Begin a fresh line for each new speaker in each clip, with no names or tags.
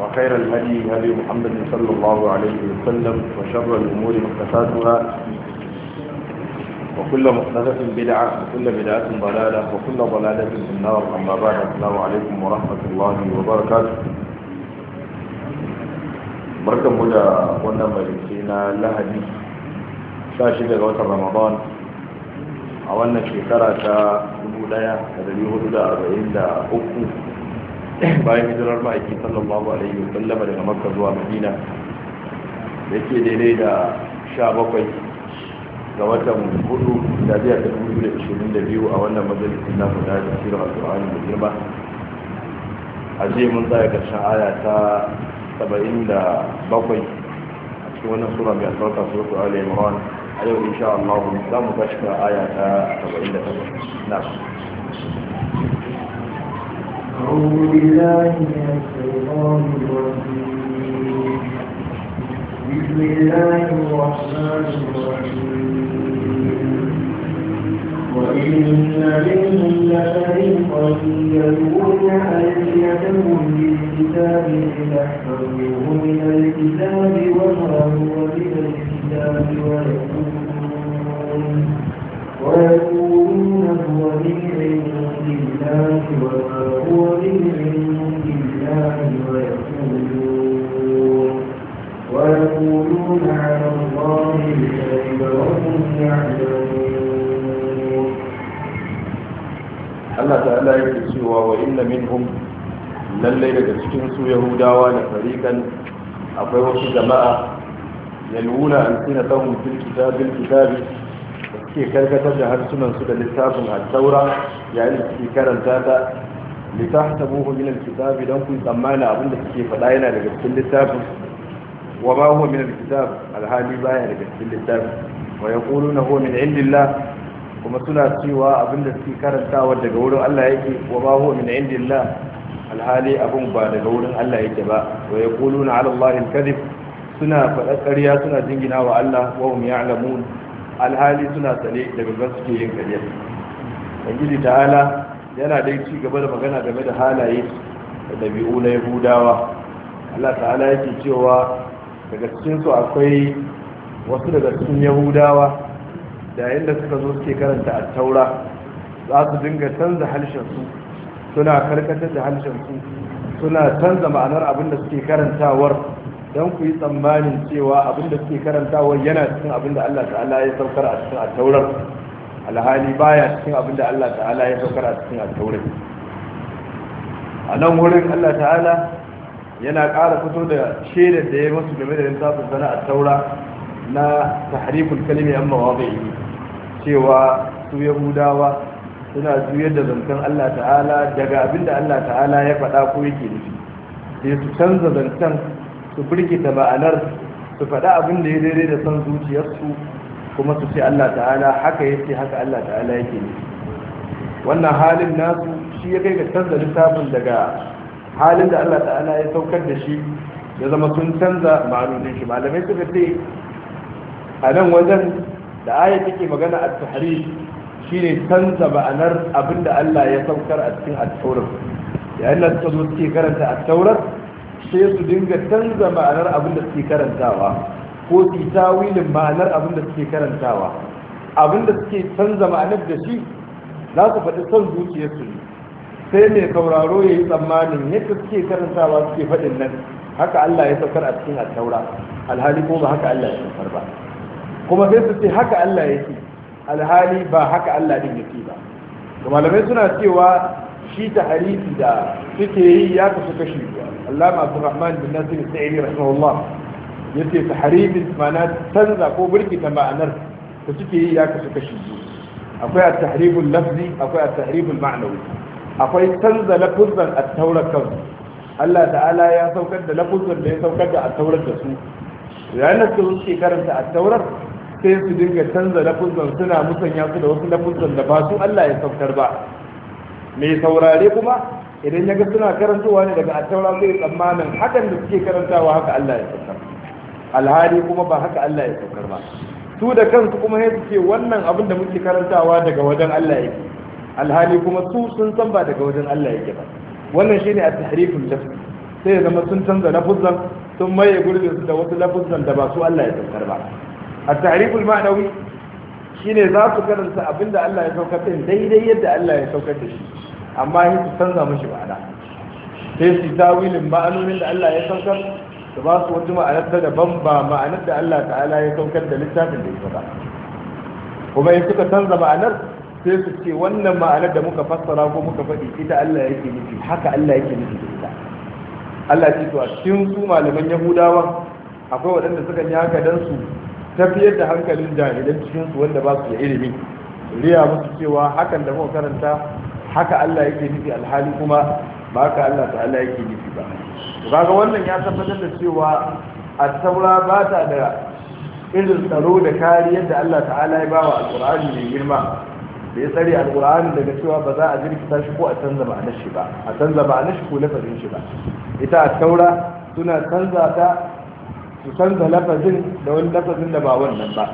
وخير الهدي هدي محمد صلى الله عليه وسلم وشر الأمور محدثاتها وكل محدثة بدعة وكل بدعة ضلالة وكل ضلالة في النار أما بعد السلام عليكم ورحمة الله وبركاته بركة مدى وانا مجلسينا لهدي شاشدة غوث رمضان a wannan shekara ta 1443 bayan hijirar ma'aiki sallallahu alaihi sallama daga makka zuwa madina da ke daidai da sha bakwai ga watan hudu da biyar da hudu da ishirin da biyu a wannan majalisun na guda da shirin alƙur'ani da girma a je mun tsaya ƙarshen aya ta saba'in da bakwai a cikin wannan sura mai albarka suratu ala imran a yau insha Allah za mu kashi aya ta saba'in da takwas na
أعوذ بالله من الشيطان الرجيم بسم الله الرحمن
الرحيم
وإن منهم لفريقا يلوون ألسنتهم بالكتاب لتحفظوه من الكتاب وما هو من الكتاب ويقولون ويقولون هو من عند الله وما
Allah ta'ala yake cewa wa inna minhum lallai daga cikin su yahudawa da farikan akwai wasu jama'a yalwuna an sina tahum fil kitabil kitabi suke karkatar da harsunan su da littafin al-taura ya da suke karanta ta litahtabuhu min al-kitabi dan kun tsammana abin da suke faɗa yana daga cikin littafin wa ma huwa min al-kitab al baya daga cikin littafin wa yaquluna huwa min indillah kuma suna cewa abinda suke karantawa daga wurin Allah yake wa ma huwa min indillah alhali abun ba daga wurin Allah yake ba wa yaquluna ala allahi alkadhib suna faɗa ƙarya suna jingina wa Allah wa hum ya'lamun alhali suna sane daga gan suke yin ƙarya ubangiji ta'ala yana dai ci gaba da magana game da halaye da dabi'u na yahudawa Allah ta'ala yake cewa daga cikin su akwai wasu daga cikin yahudawa yayin da suka zo suke karanta a taura za su dinga canza halshensu suna karkatar da halshensu suna canza ma'anar abin da suke karantawar don ku yi tsammanin cewa abin da suke karantawar yana cikin abin da Allah ta'ala ya saukar a cikin a taurar alhali baya cikin abin da Allah ta'ala ya saukar a cikin a taurar a nan wurin Allah ta'ala yana ƙara fito da shaidar da ya yi masu game da yin safin sana a taura na tahriful kalmi amma wa bai yi cewa su yahudawa suna juyar da zancen Allah ta'ala daga abinda Allah ta'ala ya faɗa ko yake nufi sai su canza zancen su birkita ma'anar su faɗa abin da ya daidai da son zuciyarsu kuma su ce Allah ta'ala haka yake haka Allah ta'ala yake nufi wannan halin nasu shi ya kai ga canza littafin daga halin da Allah ta'ala ya saukar da shi ya zama sun canza ma'anonin shi malamai suka ce a nan wajen da aya take magana a shi shine canza ma'anar abinda Allah ya saukar a cikin at-taurat yayin da suka zo suke karanta at sai su dinga canza ma'anar abinda suke karantawa ko su tawilin ma'anar abinda suke karantawa abinda suke canza ma'anar da shi za su faɗi son zuciyarsu sai mai sauraro ya yi tsammanin yadda suke karantawa suke faɗin nan haka Allah ya saukar a cikin at alhali ko ba haka Allah ya saukar ba kuma sai su ce haka Allah yake alhali ba haka Allah din yake ba to malamai suna cewa shi ta harifi da suke yi ya kasu kashi biyu Allama Abdurrahman bin Nasir Sa'idi rahimahullah yace ta harifin ma'ana canza ko burkita ma'anar ta suke yi ya kasu kashi biyu akwai at-tahribul lafzi akwai at-tahribul ma'nawi akwai canza lafuzan at-taurat kansu Allah ta'ala ya saukar da lafuzan da ya saukar da at-taurat da su yayin da suke karanta at-taurat sai su dinga canza lafuzan suna musanya su da wasu lafuzan da ba su Allah ya saukar ba mai saurare kuma idan ya ga suna karantowa ne daga attaura zai tsammanin hakan da suke karantawa haka Allah ya saukar alhali kuma ba haka Allah ya saukar ba su da kansu kuma sai su ce wannan abin da muke karantawa daga wajen Allah yake alhali kuma su sun san ba daga wajen Allah yake ba wannan shine a tahrifin lafzi sai ya zama sun canza lafuzan sun maye gurbin su da wasu lafuzan da ba su Allah ya saukar ba a tariful ma'anawi shine za su karanta abinda Allah ya saukar din daidai yadda Allah ya saukar da shi amma sai su canza mishi ma'ana sai su tawilin ma'anonin da Allah ya saukar da ba su wata ma'anar daban ba ma'anar da Allah ta'ala ya saukar da littafin da ya faɗa kuma in suka canza ma'anar sai su ce wannan ma'anar da muka fassara ko muka faɗi ita Allah yake nufi haka Allah nufi Allah ce to a cikin su malaman Yahudawa akwai waɗanda suka yi haka dan su tafiyar da hankalin jahilan cikinsu wanda ba su da ilimi riya musu cewa hakan da muka karanta haka Allah yake nufi alhali kuma ba ka Allah ta'ala yake nufi ba kaga wannan ya tabbatar da cewa at-taura ba ta da irin tsaro da kariyar da Allah ta'ala ya bawa alqur'ani mai girma da ya tsare alqur'ani daga cewa ba za a jirkita shi ko a canza ma'anar shi ba a canza ma'anar shi ko lafazin shi ba ita at-taura suna canza ta su canza lafazin da wani lafazin da ba wannan ba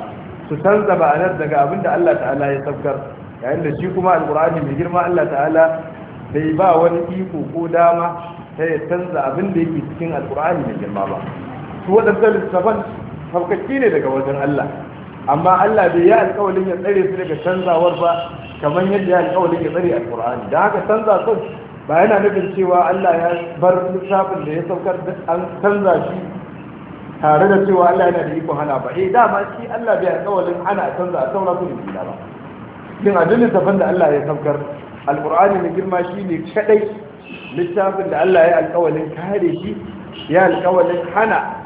su canza ma'anar daga abin da Allah ta'ala ya sabkar yayin da shi kuma alkur'ani mai girma Allah ta'ala bai ba wani iko ko dama ta ya canza abin da yake cikin alkur'ani mai girma ba su waɗanda littafan sabkakki ne daga wajen Allah amma Allah bai yi alƙawalin ya tsare su daga canzawar ba kamar yadda ya alƙawalin ya tsare alƙur'ani da haka canza sun ba yana nufin cewa Allah ya bar lissafin da ya saukar an canza shi tare da cewa Allah yana da ikon hana ba eh dama shi Allah bai alƙawarin ana canza a saura su da ba din adalin tafan da Allah ya saukar alqur'ani ne girma ne kadai littafin da Allah ya alƙawarin kare shi ya alƙawarin hana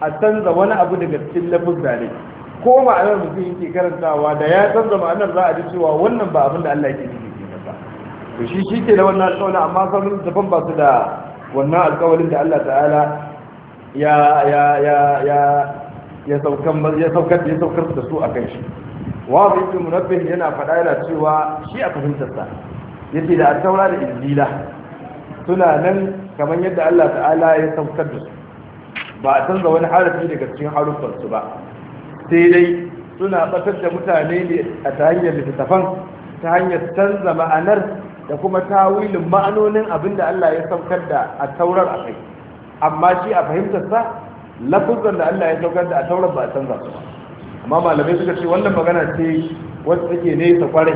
a canza wani abu daga cikin lafuzza ne ko ma'anar mutum yake karantawa da ya canza ma'anar za a ji cewa wannan ba abin da Allah yake nufi ba to shi shi ke da wannan alƙawarin amma sauran tafan ba su da wannan alƙawarin da Allah ta'ala ya ya ya ya saukar ya saukar da su a kan shi wa ibn munabbih yana faɗa yana cewa shi a fahimtar sa yace da at-taura da injila suna nan kamar yadda Allah ta'ala ya saukar da su ba a canza wani harafi daga cikin harufan ba sai dai suna batar da mutane ne a ta hanyar littattafan ta hanyar canza ma'anar da kuma tawilin ma'anonin abinda Allah ya saukar da a taurar a kai amma shi a fahimtar sa lafuzan da Allah ya saukar da a taurar ba a canza su amma malamai suka ce wannan magana ce wacce take nesa kwarai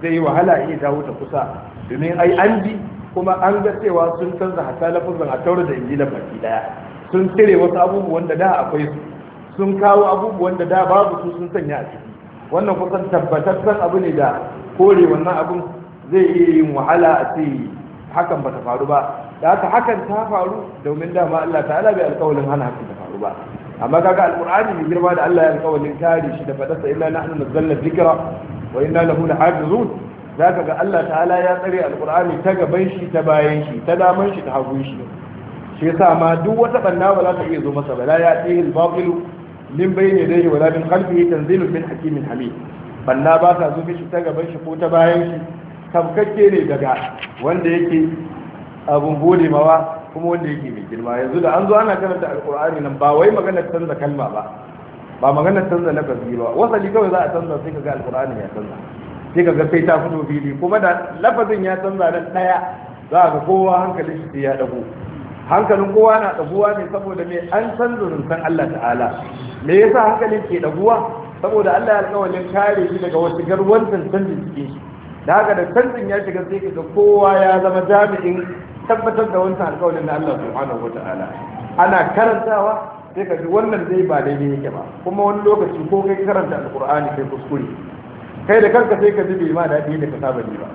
zai yi wahala iya dawo ta kusa domin ai an bi kuma an ga cewa sun canza hasa lafuzan a taurar da injila baki daya sun tire wasu abubuwan da da akwai su sun kawo abubuwan da da babu su sun sanya a ciki wannan kusan tabbataccen abu ne da kore wannan abun zai iya yin wahala a ce hakan ba ta faru ba da haka hakan ta faru domin dama Allah ta'ala bai alƙawalin hana hakan ta faru ba amma kaga alqur'ani mai girma da Allah ya alƙawalin kare shi da fadarsa inna nahnu nazzalna dhikra wa inna lahu lahafizun zaka ga Allah ta'ala ya tsare alqur'ani ta gaban shi ta bayan shi ta daman shi ta hagun shi shi yasa ma duk wata banna ba za ta iya zo masa ba la ya'tihi al-batil min bayni yadayhi wala min khalfihi tanzilun min hakimin hamid banna ba ta zo mishi ta gaban shi ko ta bayan shi tabkakke ne daga wanda yake abun gode mawa kuma wanda yake mai girma yanzu da an zo ana karanta alkur'ani nan ba wai maganar canza kalma ba ba maganar canza na lafazi ba wasali kawai za a canza sai ka ga alkur'ani ya canza sai ka ga sai ta fito fili kuma da lafazin ya canza nan daya za ka kowa hankalin shi sai ya dago hankalin kowa na dagowa ne saboda me an canza runtan Allah ta'ala me yasa hankalin ke dagowa saboda Allah ya alƙawarin kare shi daga wasu garwantan canjin cikin shi da haka da canjin ya shiga sai kaga kowa ya zama jami'in tabbatar da wancan alƙawarin na Allah subhanahu wata'ala ana karantawa sai ka ji wannan zai ba daidai yake ba kuma wani lokaci ko kai karanta alƙur'ani kai kuskure kai da kanka sai ka ji bai ma daɗi da ka saba ba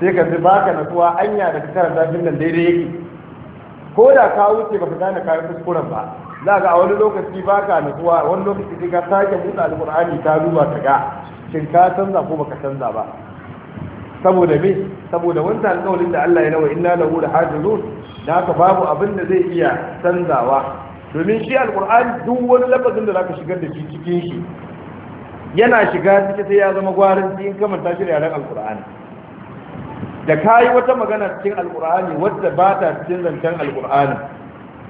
sai ka ji baka natsuwa anya da karanta din nan daidai yake ko da ka wuce baka gane ka yi kuskuren ba za ga a wani lokaci baka natsuwa wani lokaci sai ka sake buɗe alƙur'ani ta duba ka ga shin ka canza ko ba ka canza ba saboda me saboda wanda alƙawarin da Allah ya nawa inna lahu lahafizun da haka babu abin da zai iya canzawa domin shi alqur'ani duk wani lafazin da zaka shigar da shi cikin shi yana shiga cikin sai ya zama gwarin in kamanta shi da yaran alqur'ani da kayi wata magana cikin alqur'ani wadda ba ta cikin zancen alqur'ani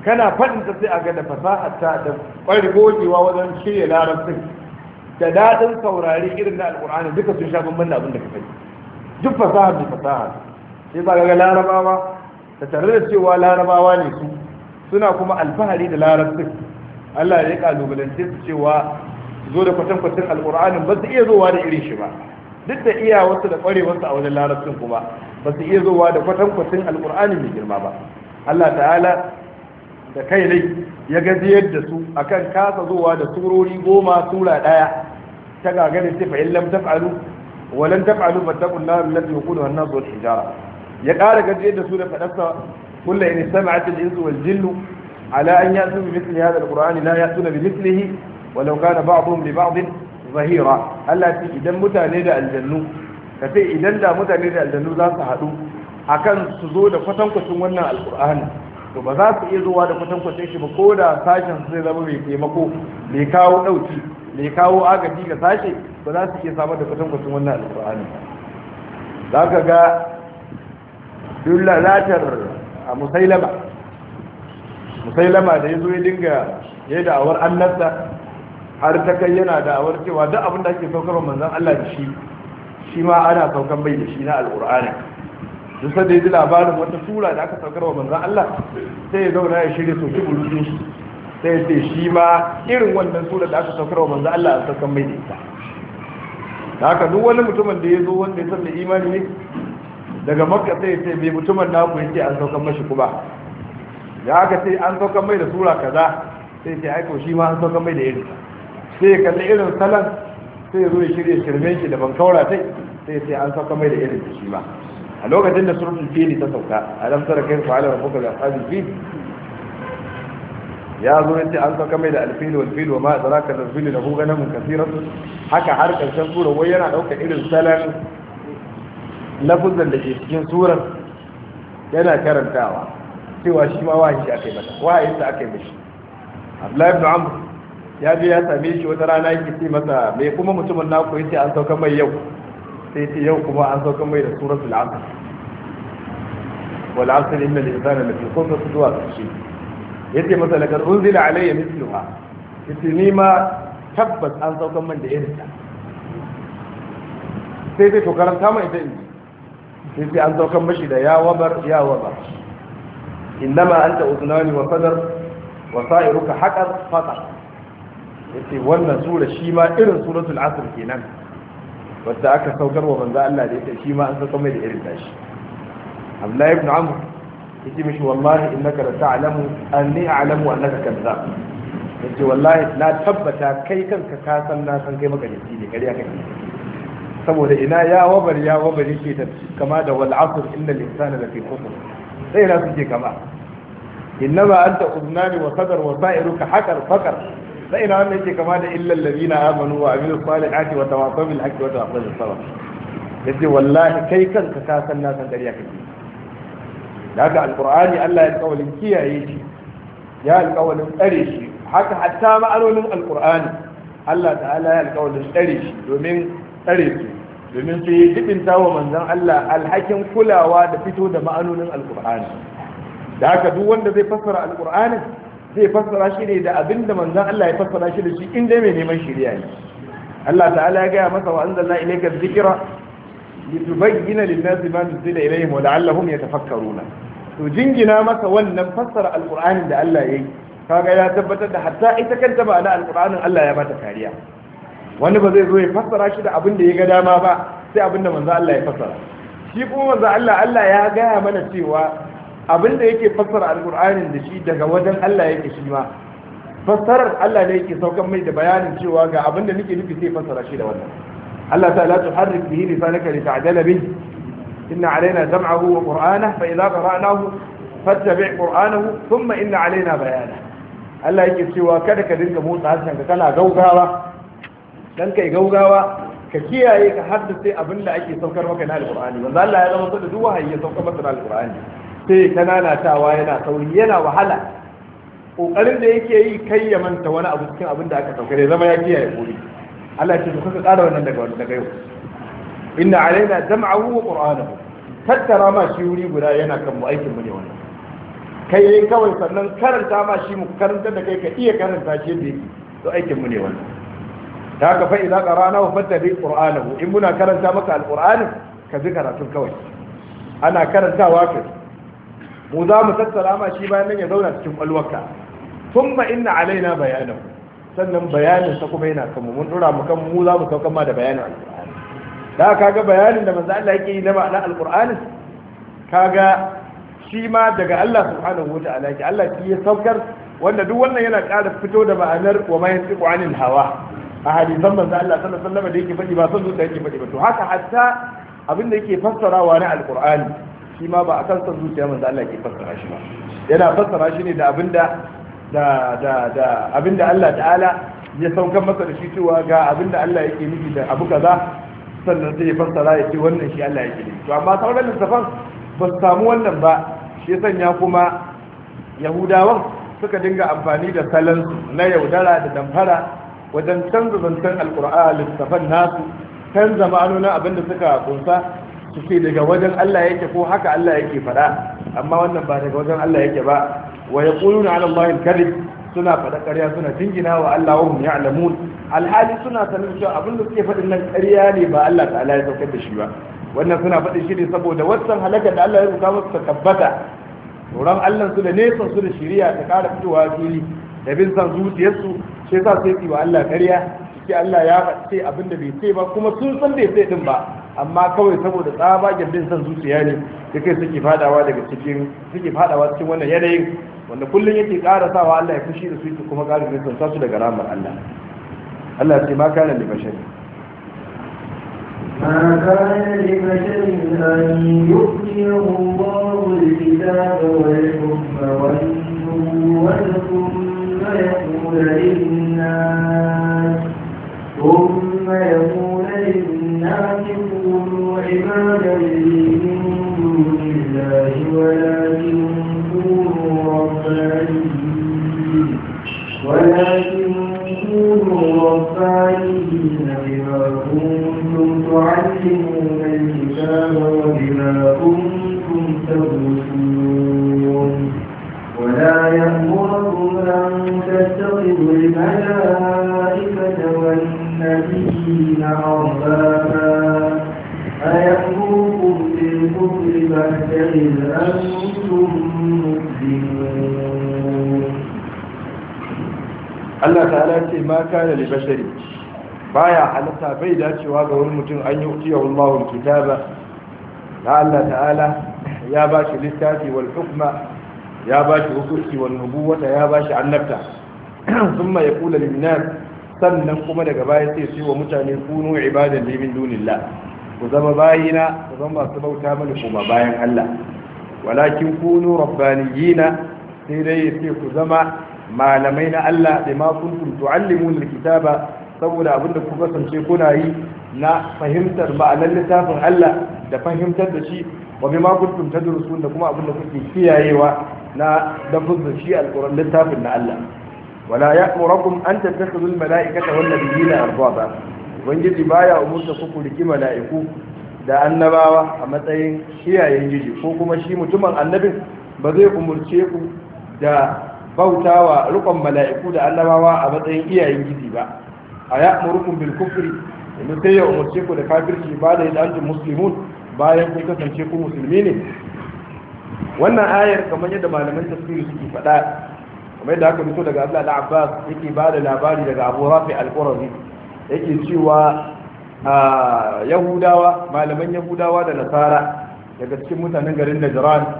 kana faɗin ta sai a ga da fasaha ta da ƙwargogewa wajen shirya larabcin da daɗin saurari irin na alƙur'ani duka sun sha bambam da abin da ka kai duk fasaha da fasaha sai ba ga larabawa da tare da cewa larabawa ne su suna kuma alfahari da larabcin Allah ya kalubalance su cewa zo da kwatankwacin alƙur'anin ba su iya zowa da irin shi ba duk da iya wasu da ƙwarewarsu a wajen larabcin kuma ba su iya zowa da kwatankwacin alƙur'anin mai girma ba Allah ta'ala da kai ne ya gajiyar da su akan kasa zowa da surori goma sura ɗaya ta gagarin sai in lam taf'alu walan taf'alu fattaqun nar allati yaqulu an-nas wal hijara ya ƙara gaje da su da fadarsa kullu in sama'at al-insu wal jinnu ala an ya'tu bi mithli hadha al-qur'ani la ya'tuna bi mithlihi walau kana ba'dhum li ba'd zahira Allah ce idan mutane da aljannu ka ce idan da mutane da aljannu za su haɗu akan su zo da kwatankwacin wannan al alƙur'ani to ba za su iya zuwa da kwatankwacin shi ba ko da sashen sai zama mai taimako mai kawo ɗauki mai kawo agaji ga sashe ba za su iya samar da kwatankwacin wannan alfahari za ka ga dullalatar lalatar a musailama musailama da ya zo ya dinga ya yi da'awar annasta har ta kai yana da'awar cewa duk abinda ake saukar manzan Allah da shi shi ma ana saukan bai da shi na alkur'ani dusa da ya ji labarin wata tura da aka saukar wa manzan Allah sai ya zauna ya shirya soki bulutun shi sai sai shi ma irin wannan sura da aka saukar wa manzo Allah a saukan mai da ita haka duk wani mutumin da ya zo wanda ya san da imani ne daga makka sai sai bai mutumin ku yake an saukan mashi kuma da haka ce an saukan mai da sura kaza sai sai aiko shi ma an saukan mai da irin sai kalli irin salan sai zo ya shirye shirmen shi da ban kaura sai sai sai an saukar mai da irin shi ma a lokacin da suratul fili ta sauka a lamsar kai fa'ala wa fuka da ashabil fili ya zo yace an sauka mai da alfil wal fil wa ma adraka al fil lahu ganamun kaseeran haka har karshen sura wai yana dauka irin salan lafuzan da ke cikin surar yana karantawa cewa shi ma wahayi akai mata wahayi sa akai mishi Abdullahi ibn Amr ya je ya same shi wata rana yake ce masa me kuma mutumin naku yace an sauka mai yau sai ce yau kuma an sauka mai da suratul asr wal asr innal insana lafi khusr zuwa kashi yace masa lakar unzila alayya mithluha yace ni ma tabbas an saukan man da irin ta sai sai to karanta mai ita inji sai sai an saukan mashi da ya wabar ya wabar innama anta udnani wa sadar wa sa'iruka haqar fatar yace wannan sura shi ma irin suratul asr kenan wanda aka saukar wa manzo Allah da ita shi ma an saukan mai da irin tashi Abdullahi ibn Amr yace mishi wallahi in da innaka la ta'lamu anni a'lamu annaka kadhab yace wallahi na tabbata kai kanka ka san na san kai magarici ne kariya kake saboda ina ya wabar ya wabar yake ta kama da wal asr innal insana lafi khusr sai na suke kama innama anta udnani wa sadar wa sa'iruka hakar fakar sai na wannan yake kama da illal ladina amanu wa amilus salihati wa tawasaw bil haqqi wa tawasaw bis sabr yace wallahi kai kanka ka san na san kariya kake da haka alkur'ani Allah ya alkawalin kiyaye shi ya alkawalin tsare shi haka hatta ma'anonin alkur'ani Allah ta'ala ya alkawalin tsare shi domin tsare su domin su yi jibinta wa manzan Allah alhakin kulawa da fito da ma'anonin alkur'ani da haka duk wanda zai fassara alkur'ani zai fassara shi ne da abin da manzan Allah ya fassara shi da shi inda mai neman shirya ne Allah ta'ala ya gaya masa wa anzalna ilayka dhikra litubayyana lin-nasi ma nuzila ilayhim wa la'allahum yatafakkaruna to jingina masa wannan fassara alqur'anin da Allah yayi kaga ya tabbatar da hatta ita kanta ba na alqur'anin Allah ya bata kariya wani ba zai zo ya fassara shi da abin da ya ga dama ba sai abin da manzo Allah ya fassara shi kuma manzo Allah Allah ya gaya mana cewa abin da yake fassara alqur'anin da shi daga wajen Allah yake shi ma fassarar Allah ne yake saukan mai da bayanin cewa ga abin da nake nufi sai fassara shi da wannan الله تعالى تحرك به لسانك لتعدل به إن علينا جمعه وقرآنه فإذا قرأناه فاتبع قرآنه ثم إن علينا بيانه Allah yake cewa kada ka dinga motsa harshen ka kana gaugawa dan kai gaugawa ka kiyaye ka haddace abin da ake saukar maka na alqur'ani manzo Allah ya zama da duk wahayi ya saukar maka na alqur'ani sai kananatawa yana sauri yana wahala kokarin da yake yi kai ya manta wani abu da aka saukar ya zama ya kiyaye kuri Allah ce kuka tsara wannan daga daga yau inna alaina jam'ahu wa qur'anahu tattara ma shi wuri guda yana kan mu aikin mu ne wannan kai yayin kawai sannan karanta ma shi mu karanta da kai ka iya karanta shi yadda yake to aikin mu ne wannan ta haka fa idza qara'na wa fattabi qur'anahu in muna karanta maka alqur'ani ka ji karatun kawai ana karantawa ka mu za mu tattara ma shi bayan nan ya zauna cikin kwalwarka thumma inna alaina bayanahu sannan bayanin sa kuma yana kanmu mun dora mu kan mu za mu saukan ma da bayanin alqur'ani da kaga bayanin da manzo Allah yake yi na ma'ana alqur'ani kaga shi ma daga Allah subhanahu wata'ala yake Allah shi ya saukar wanda duk wannan yana ƙara fito da ma'anar wa ma yantiqu anil hawa a hadisan manzo Allah sallallahu alaihi wasallam da yake faɗi ba san zuciya yake faɗi ba to haka hatta abin da yake fassarawa na alqur'ani shi ma ba kan san zuciya manzo Allah yake fassara shi ba yana fassara shi ne da abin da da da da abinda Allah ta'ala ya saukan masa da shi cewa ga abinda Allah yake nufi da abu kaza sannan sai ya fassara ya ce wannan shi Allah yake nufi to amma sauran littafan ba su samu wannan ba shi sanya kuma yahudawan suka dinga amfani da salon na yaudara da damfara wajen canza zancen alkur'ani littafan nasu Kan canza abin abinda suka kunsa su ce daga wajen Allah yake ko haka Allah yake faɗa amma wannan ba daga wajen Allah yake ba wa yaquluna ala allahi kadhib suna faɗa ƙarya suna jingina wa Allah wa hum ya'lamun alhali suna sanin cewa abin da suke faɗin nan ƙarya ne ba Allah ta'ala ya saukar da shi ba wannan suna faɗi shi ne saboda wancan halakar da Allah ya rubuta masu ta tabbata tsoron Allah su da nesa su da shiriya ta ƙara fitowa fili da bin san zuciyarsu sai sa sai yi wa Allah ƙarya shi Allah ya ce abin da bai ce ba kuma sun san bai sai din ba amma kawai saboda tsabagen bin san zuciya ne da kai suke fadawa daga cikin suke fadawa cikin wannan yanayin wanda kullum yake ƙara sawa Allah ya fushi da su yake kuma ƙara nisan su daga ramar Allah Allah ya ce ma kana da bashari
ma kana da bashari an yu'tiyahu
mutum an yi utiyahu Allahu kitaba da Allah ta'ala ya ba shi littafi wal hukma ya ba shi hukunci wal nubuwata ya ba shi annabta thumma yaqulu lin nas sannan kuma daga baya sai sai wa mutane kunu ibadan li min ku zama bayina ku zama masu bauta mana kuma bayan Allah walakin kunu rabbaniyina sai dai sai ku zama malamai na Allah da ma kuntum tu'allimuna alkitaba saboda abinda ku kasance kuna yi na fahimtar ma'anar littafin Allah da fahimtar da shi wa bima kuntum tadrusun da kuma abin da kuke kiyayewa na da shi alquran littafin na Allah wala ya'murukum an tattakhidhu almala'ikata wan nabiyina arbaba ubangiji baya umurta ku riki mala'iku da annabawa a matsayin kiyayen giji ko kuma shi mutumin annabin ba zai umurce ku da bautawa rukun mala'iku da annabawa a matsayin iyayen giji ba a ya'murukum bil kufri inda sai ya umarce ku da kafirci ba da yadda antum muslimun bayan kun kasance ku musulmi ne wannan ayar kamar yadda malaman tafsiri suke faɗa kamar yadda aka fito daga Abdullah Abba abbas yake ba da labari daga Abu Rafi al-Qurazi yake cewa ah, Yahudawa malaman Yahudawa da Nasara daga cikin mutanen garin Najran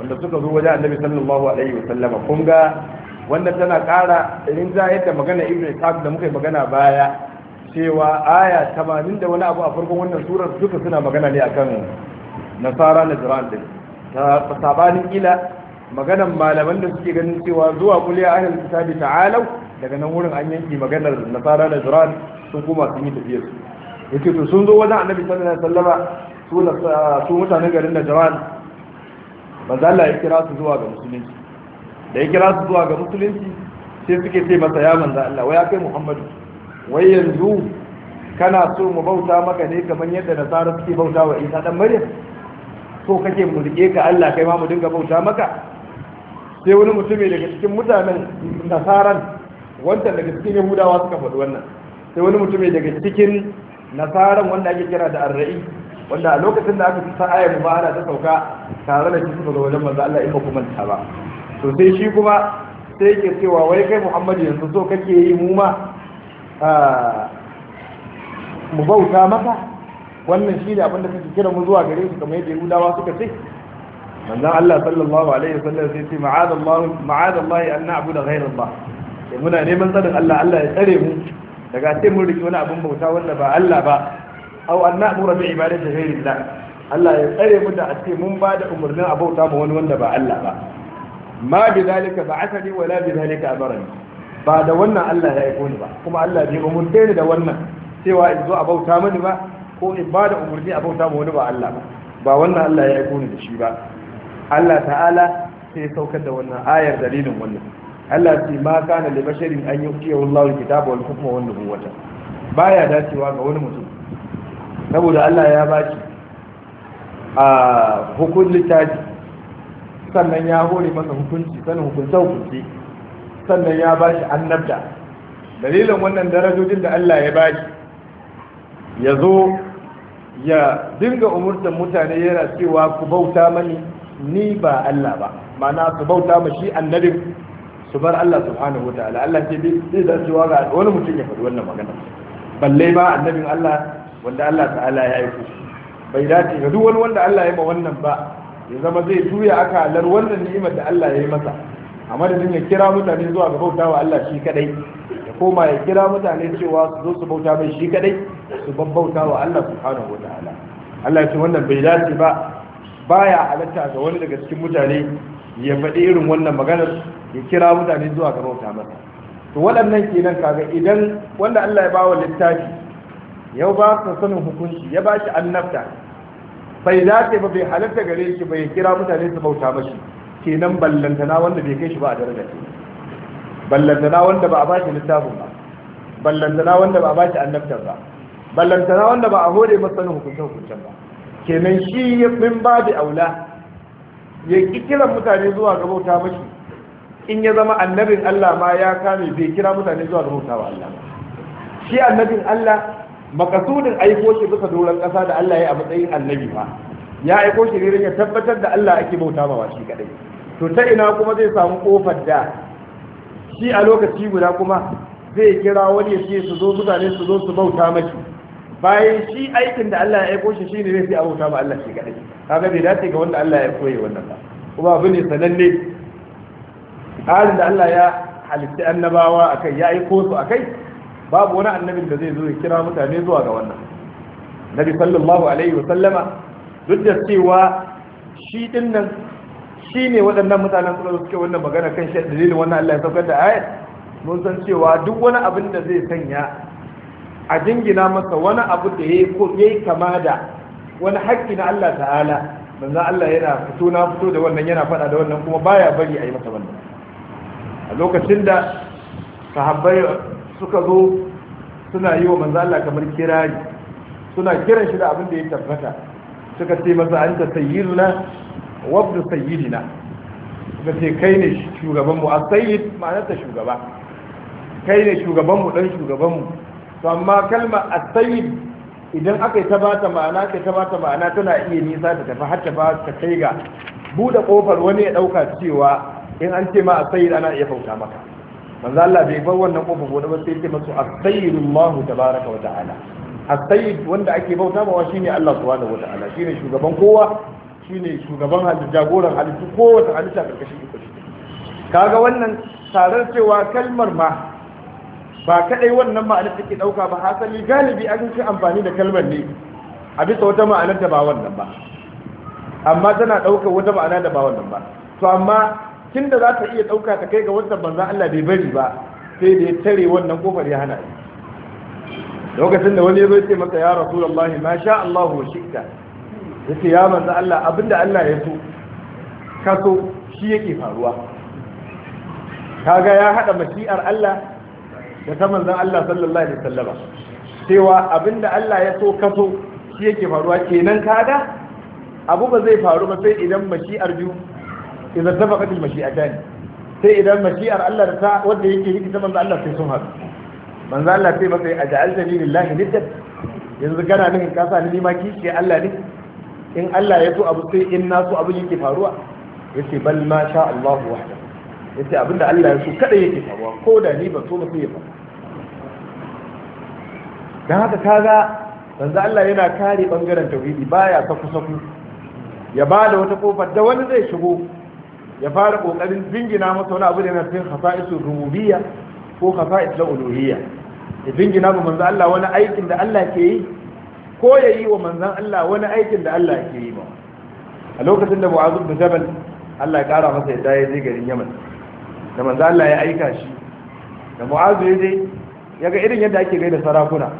wanda suka zo wajen Annabi sallallahu alaihi sallama kun ga wannan tana ƙara rinjaye da magana Ibn Ishaq da muka yi magana baya cewa aya tamanin da wani abu a farkon wannan surar duka suna magana ne akan nasara na jiran din ta sabanin ila maganan malaman da suke ganin cewa zuwa kuliya ahlul kitabi ta'alau daga nan wurin an yanki maganar nasara na jiran sun kuma sun yi tafiya su yace to sun zo wajen annabi sallallahu alaihi wasallama su mutanen garin na jiran manzo Allah ya kira su zuwa ga musulunci da ya kira su zuwa ga musulunci sai suke ce masa ya manzo Allah wai kai Muhammadu wai yanzu kana so mu bauta maka ne kamar yadda nasara suke bauta wa isa dan maryam so kake mu rike ka Allah kai ma mu dinga bauta maka sai wani mutumi daga cikin mutanen nasaran wanda daga cikin yahudawa suka faɗi wannan sai wani mutumi daga cikin nasaran wanda ake kira da arra'i wanda a lokacin da aka fi sa'ayar mu ana ta sauka tare da su daga wajen manzo Allah in ba kuma ta ba to sai shi kuma sai yake cewa wai kai Muhammadu yanzu so kake yi mu ma mu bauta maka wannan shi ne abinda kake kira mu zuwa gare su kamar yadda yahudawa suka ce manzon Allah sallallahu alaihi wasallam sai ce ma'adallahi ma'adallahi an na'budu ghayra Allah sai muna neman tsarin Allah Allah ya tsare mu daga sai mun riki wani abin bauta wanda ba Allah ba aw an na'muru bi ibadati ghayri Allah Allah ya tsare mu da a mun ba da umarnin a bauta ma wani wanda ba Allah ba ma bi zalika ba'athani wala bi zalika amarani ba da wannan Allah ya aiko ni ba kuma Allah bai umurce ni da wannan cewa in zo a bauta mani ba ko in ba da umurni a bauta ma wani ba Allah ba ba wannan Allah ya aiko ni da shi ba Allah ta'ala sai saukar da wannan ayar dalilin wannan Allah ce ma kana li basharin an yuqiyahu Allahu al-kitaba wal hukma wan nubuwata baya dacewa ga wani mutum saboda Allah ya bashi a hukun littafi sannan ya hore masa hukunci sanin hukunce hukunce sannan ya ba shi annabta dalilin wannan darajojin da Allah ya ba shi ya zo ya dinga umurtar mutane yana cewa ku bauta mani ni ba Allah ba ma'ana su bauta ma shi annabin su bar Allah subhanahu wa ta'ala Allah ce zai da cewa ga wani mutum ya faɗi wannan magana balle ba annabin Allah wanda Allah ta'ala ya aiko bai dace ga duk wani wanda Allah ya ba wannan ba ya zama zai tuya lar wannan ni'imar da Allah ya yi masa a madadin ya kira mutane zuwa ga bauta wa Allah shi kadai ya koma ya kira mutane cewa su zo su bauta mai shi kadai su babbauta wa Allah subhanahu wa ta'ala Allah ya ce wannan bai dace ba baya halatta ga wani daga cikin mutane ya faɗi irin wannan maganar ya kira mutane zuwa ga bauta masa to waɗannan kenan kaga idan wanda Allah ya ba wa littafi ya ba su sanin hukunci ya ba shi annabta bai dace ba bai halatta gare shi bai kira mutane su bauta mashi kenan ballantana wanda bai kai shi ba a daraja ballantana wanda ba a ba shi littafin ba ballantana wanda ba a ba shi annabtar ba ballantana wanda ba a hore masa hukuncin hukuncin ba kenan shi ya min ba da aula ya ki kiran mutane zuwa ga bauta mashi in ya zama annabin Allah ma ya kame bai kira mutane zuwa ga bauta wa Allah shi annabin Allah makasudin aiko shi bisa doron ƙasa da Allah ya a matsayin annabi ba ya aiko shi ne ya tabbatar da Allah ake bauta ma shi kadai to ta ina kuma zai samu kofar da shi a lokaci guda kuma zai kira wani ya ce su zo zane, su zo su bauta mashi bayan shi aikin da Allah ya aiko shi shine ne sai a bauta ma Allah shi kadai kaga bai dace ga wanda Allah ya koye wannan ba kuma abu ne sananne halin da Allah ya halitta annabawa akai ya aiko su akai babu wani annabin da zai zo ya kira mutane zuwa ga wannan nabi sallallahu alaihi wa sallama duk da cewa shi dinnan shi ne waɗannan mutanen suna suke wannan magana kan shi dalilin wannan Allah ya saukar da ayat mun san cewa duk wani abin da zai sanya a jingina masa wani abu da ya yi kama da wani haƙƙi na Allah ta'ala manzo Allah yana fito na fito da wannan yana faɗa da wannan kuma baya bari a yi masa wannan a lokacin da sahabbai suka zo suna yi wa manzo Allah kamar kirari suna kiran shi da abin da ya tabbata suka ce masa anta sayyiduna wabdu sayyidina da ce kai ne shugabanmu a sayyid ma'anarta shugaba kai ne shugabanmu dan shugabanmu to amma kalma a sayyid idan aka yi ta ma'ana ta tabata ma'ana tana iya nisa ta tafi har ta ba ta kai ga bude kofar wani ya ɗauka cewa in an ce ma a sayyid ana iya fauta maka manzo Allah bai bar wannan kofar gobe ba sai ya ce masu a as-sayyidullahu tabaraka wa ta'ala a sayyid wanda ake bauta ma shine Allah subhanahu wa ta'ala shine shugaban kowa shine shugaban halittu jagoran halittu kowace halitta karkashin iko shi kaga wannan tarar cewa kalmar ma ba kadai wannan ma'anar take dauka ba hasali galibi an fi amfani da kalmar ne a bisa wata ma'anar da ba wannan ba amma tana daukar wata ma'ana da ba wannan ba to amma da za ta iya dauka ta kai ga wannan banza Allah bai bari ba sai da ya tare wannan kofar ya hana lokacin da wani ya zo ya ce masa ya rasulullahi ma sha Allahu wa ya ce ya manzo Allah abinda Allah ya so kaso shi yake faruwa kaga ya hada mashi'ar Allah da ta manzan Allah sallallahu alaihi wasallama cewa abinda Allah ya so kaso shi yake faruwa kenan kaga abu ba zai faru ba sai idan mashi'ar biyu idan tabaqatil ne. sai idan mashi'ar Allah da ta wanda yake yi ta manzon Allah sai sun haɗu manzon Allah sai ba sai aj'altani lillahi niddat yanzu kana nufin kasa ni ma kishi Allah ne in Allah ya so abu sai in na so abin yake faruwa Ya ce bal ma sha Allah wahda yace abinda Allah ya so kada yake faruwa ko da ni ba so ba sai ya faru dan haka ka kaga manzo Allah yana kare ɓangaren tauhidi ba ya saku saku ya ba da wata kofar da wani zai shigo ya fara ƙoƙarin jingina masa wani abu da yana cikin khasa'isul rububiyya ko khasa'is la uluhiyya ya jingina ba manzo Allah wani aikin da Allah ke yi ko ya yi wa manzan Allah wani aikin da Allah ke yi ba a lokacin da mu'azu bin jabal Allah ya kara masa yadda ya je garin Yaman da manzan Allah ya aika shi da mu'azu ya je ya ga irin yadda ake gaida sarakuna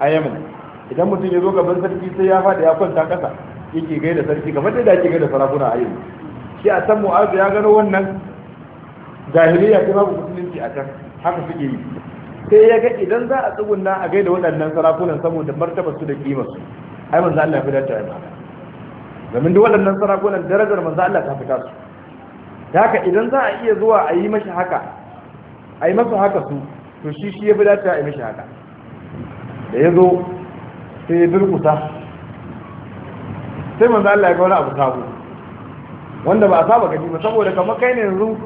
a Yaman idan mutum ya zo gaban sarki sai ya faɗi ya kwanta ƙasa yake gaida sarki kamar yadda ake gaida sarakuna a Yaman shi a san mu'azu ya gano wannan jahiliya ta babu musulunci a can haka suke yi sai ya ga idan za a tsugunna a gaida waɗannan sarakunan saboda martaba su da kima su ai manzo Allah ya fitar da ba domin duk waɗannan sarakunan darajar manzo Allah ta fita su da haka idan za a iya zuwa a yi mashi haka a yi masa haka su to shi shi ya fitar a yi mashi haka da ya zo sai ya durkusa sai manzo Allah ya ga wani abu sabo wanda ba a saba gani ba saboda kamar kai ne yanzu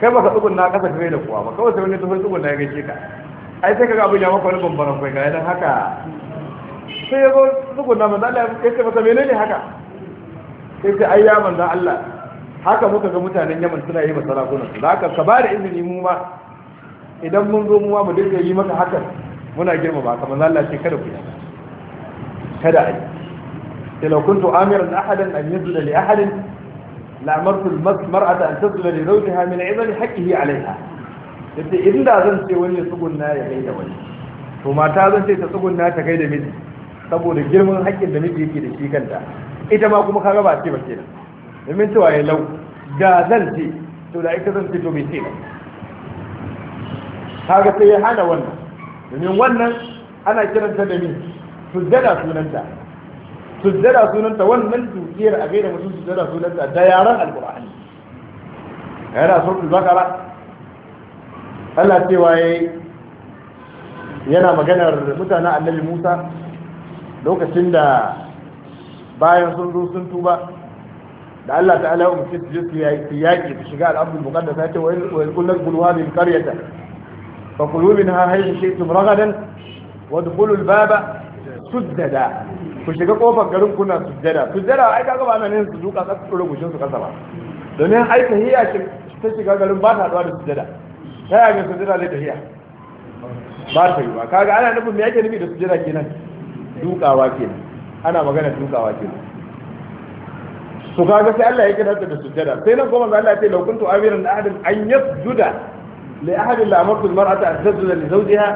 kai baka na kasa kai da kuwa ba kawai sai wani tufin na ya gaishe ka ai sai kaga abin ya maka wani bambaran kai ga dan haka sai ya zo na manzo Allah ya ce masa menene haka sai ce ai ya manzo Allah haka muka ga mutanen Yaman suna yi masara kuna su da haka ka ba da izini mu ma idan mun zo mu ma mu dinga yi maka hakan muna girma ba kamar Allah ce kada ku yi kada ai sai lau kuntu amiran ahadan an yuzla li ahadin لأمرت المرأة أن تصل لزوجها من عظم حقه عليها yace inda zan ce wani tsugunna ya kai da wani to mata zan ce ta tsugunna ta kai da miji saboda girman haƙƙin da miji yake da shi ita ma kuma kaga ba ce ba domin cewa lau da zan ce to da zan ce to bai kaga sai ya hana wannan domin wannan ana kiranta da mi sujjada sunanta sujjada sunanta wannan dukiyar a gaida mutum sujjada sunanta da yaran alkur'ani yana surtul bakara Allah cewa yayi yana maganar mutanen annabi Musa lokacin da bayan sun zo sun tuba da Allah ta'ala ya umarci su je su yaƙi su shiga al'abdul muqaddas ya ce wa in kullak qulu hadhihi qaryata fa qulu minha haythu shi'tum ragadan wa dkhulu al-baba sujjada ku shiga kofar garin kuna sujjada sujjada ai kaga ba nan su duka su tsoro gushin su kasa ba domin ai tahiyya ta shiga garin ba ta haɗuwa da sujjada ta yaya mai sujjada zai tahiyya ba ta yi ba kaga ana nufin me yake nufi da sujjada kenan dukawa kenan ana magana dukawa kenan su kaga sai Allah ya kira ta da sujjada sai nan kuma Allah ya ce law kuntu amiran ahadin an yasjuda li ahadin la amartu al-mar'ata an tasjuda li zawjiha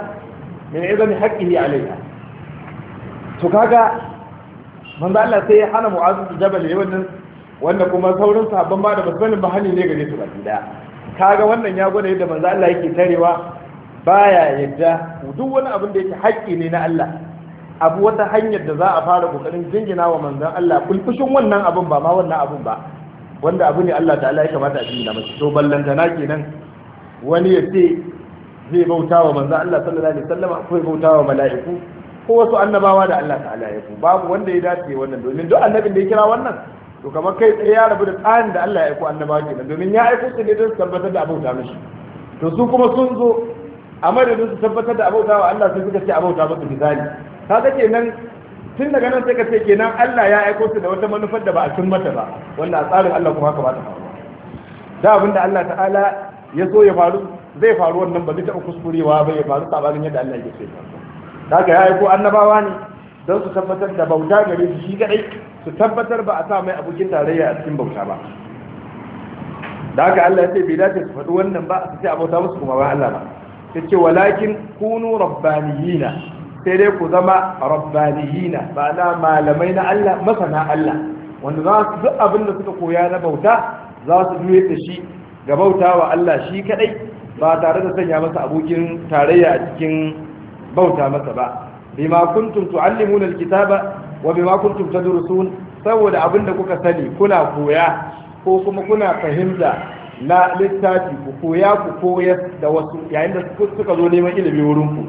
min idan haqqihi alayha to kaga manzo Allah sai ya hana mu'azu da jabal ya wannan wanda kuma saurin sahabban ba da musulmin ba hali ne gare su ba. daya kaga wannan ya gwada yadda manzo Allah yake tarewa baya yadda duk wani abin da yake haƙƙi ne na Allah abu wata hanyar da za a fara kokarin jingina wa manzon Allah kulfushin wannan abin ba ma wannan abin ba wanda abu ne Allah ta'ala ya kamata a jingina masa to na kenan wani ya ce zai bauta wa manzon Allah sallallahu alaihi wasallam akwai bauta wa mala'iku ko wasu annabawa da Allah ta'ala ya ku babu wanda ya dace wannan domin duk annabin da ya kira wannan to kamar kai tsaye ya rabu da tsarin da Allah ya aiko annabawa kenan domin ya aiko su ne don su tabbatar da abauta mishi to su kuma sun zo a madadin su tabbatar da abauta wa Allah sun suka ce abauta musu misali ga kenan tun daga nan sai ka ce kenan Allah ya aiko su da wata manufar da ba a cin mata ba wannan a tsarin Allah kuma haka ba ta faru da abinda Allah ta'ala ya so ya faru zai faru wannan ba zai taɓa kuskurewa ba ya faru sabanin yadda Allah ya so faru haka ya aiko annabawa ne don su tabbatar da bauta gare su shi kadai su tabbatar ba a sa mai abokin tarayya a cikin bauta ba da haka Allah ya ce bai dace su faɗi wannan ba su ce a bauta musu kuma ba Allah ba ta ce walakin kunu rabbaniyina sai dai ku zama rabbaniyina ba na malamai na Allah masana Allah wanda za su duk abin da suka koya na bauta za su juye da shi ga bauta wa Allah shi kadai ba tare da sanya masa abokin tarayya a cikin bauta masa ba bima kuntum tuallimuna alkitaba wa bima kuntum tadrusun saboda abinda kuka sani kuna koya ko kuma kuna fahimta na littafi ku koya ku koyar da wasu yayin da suka zo neman ilimi wurin ku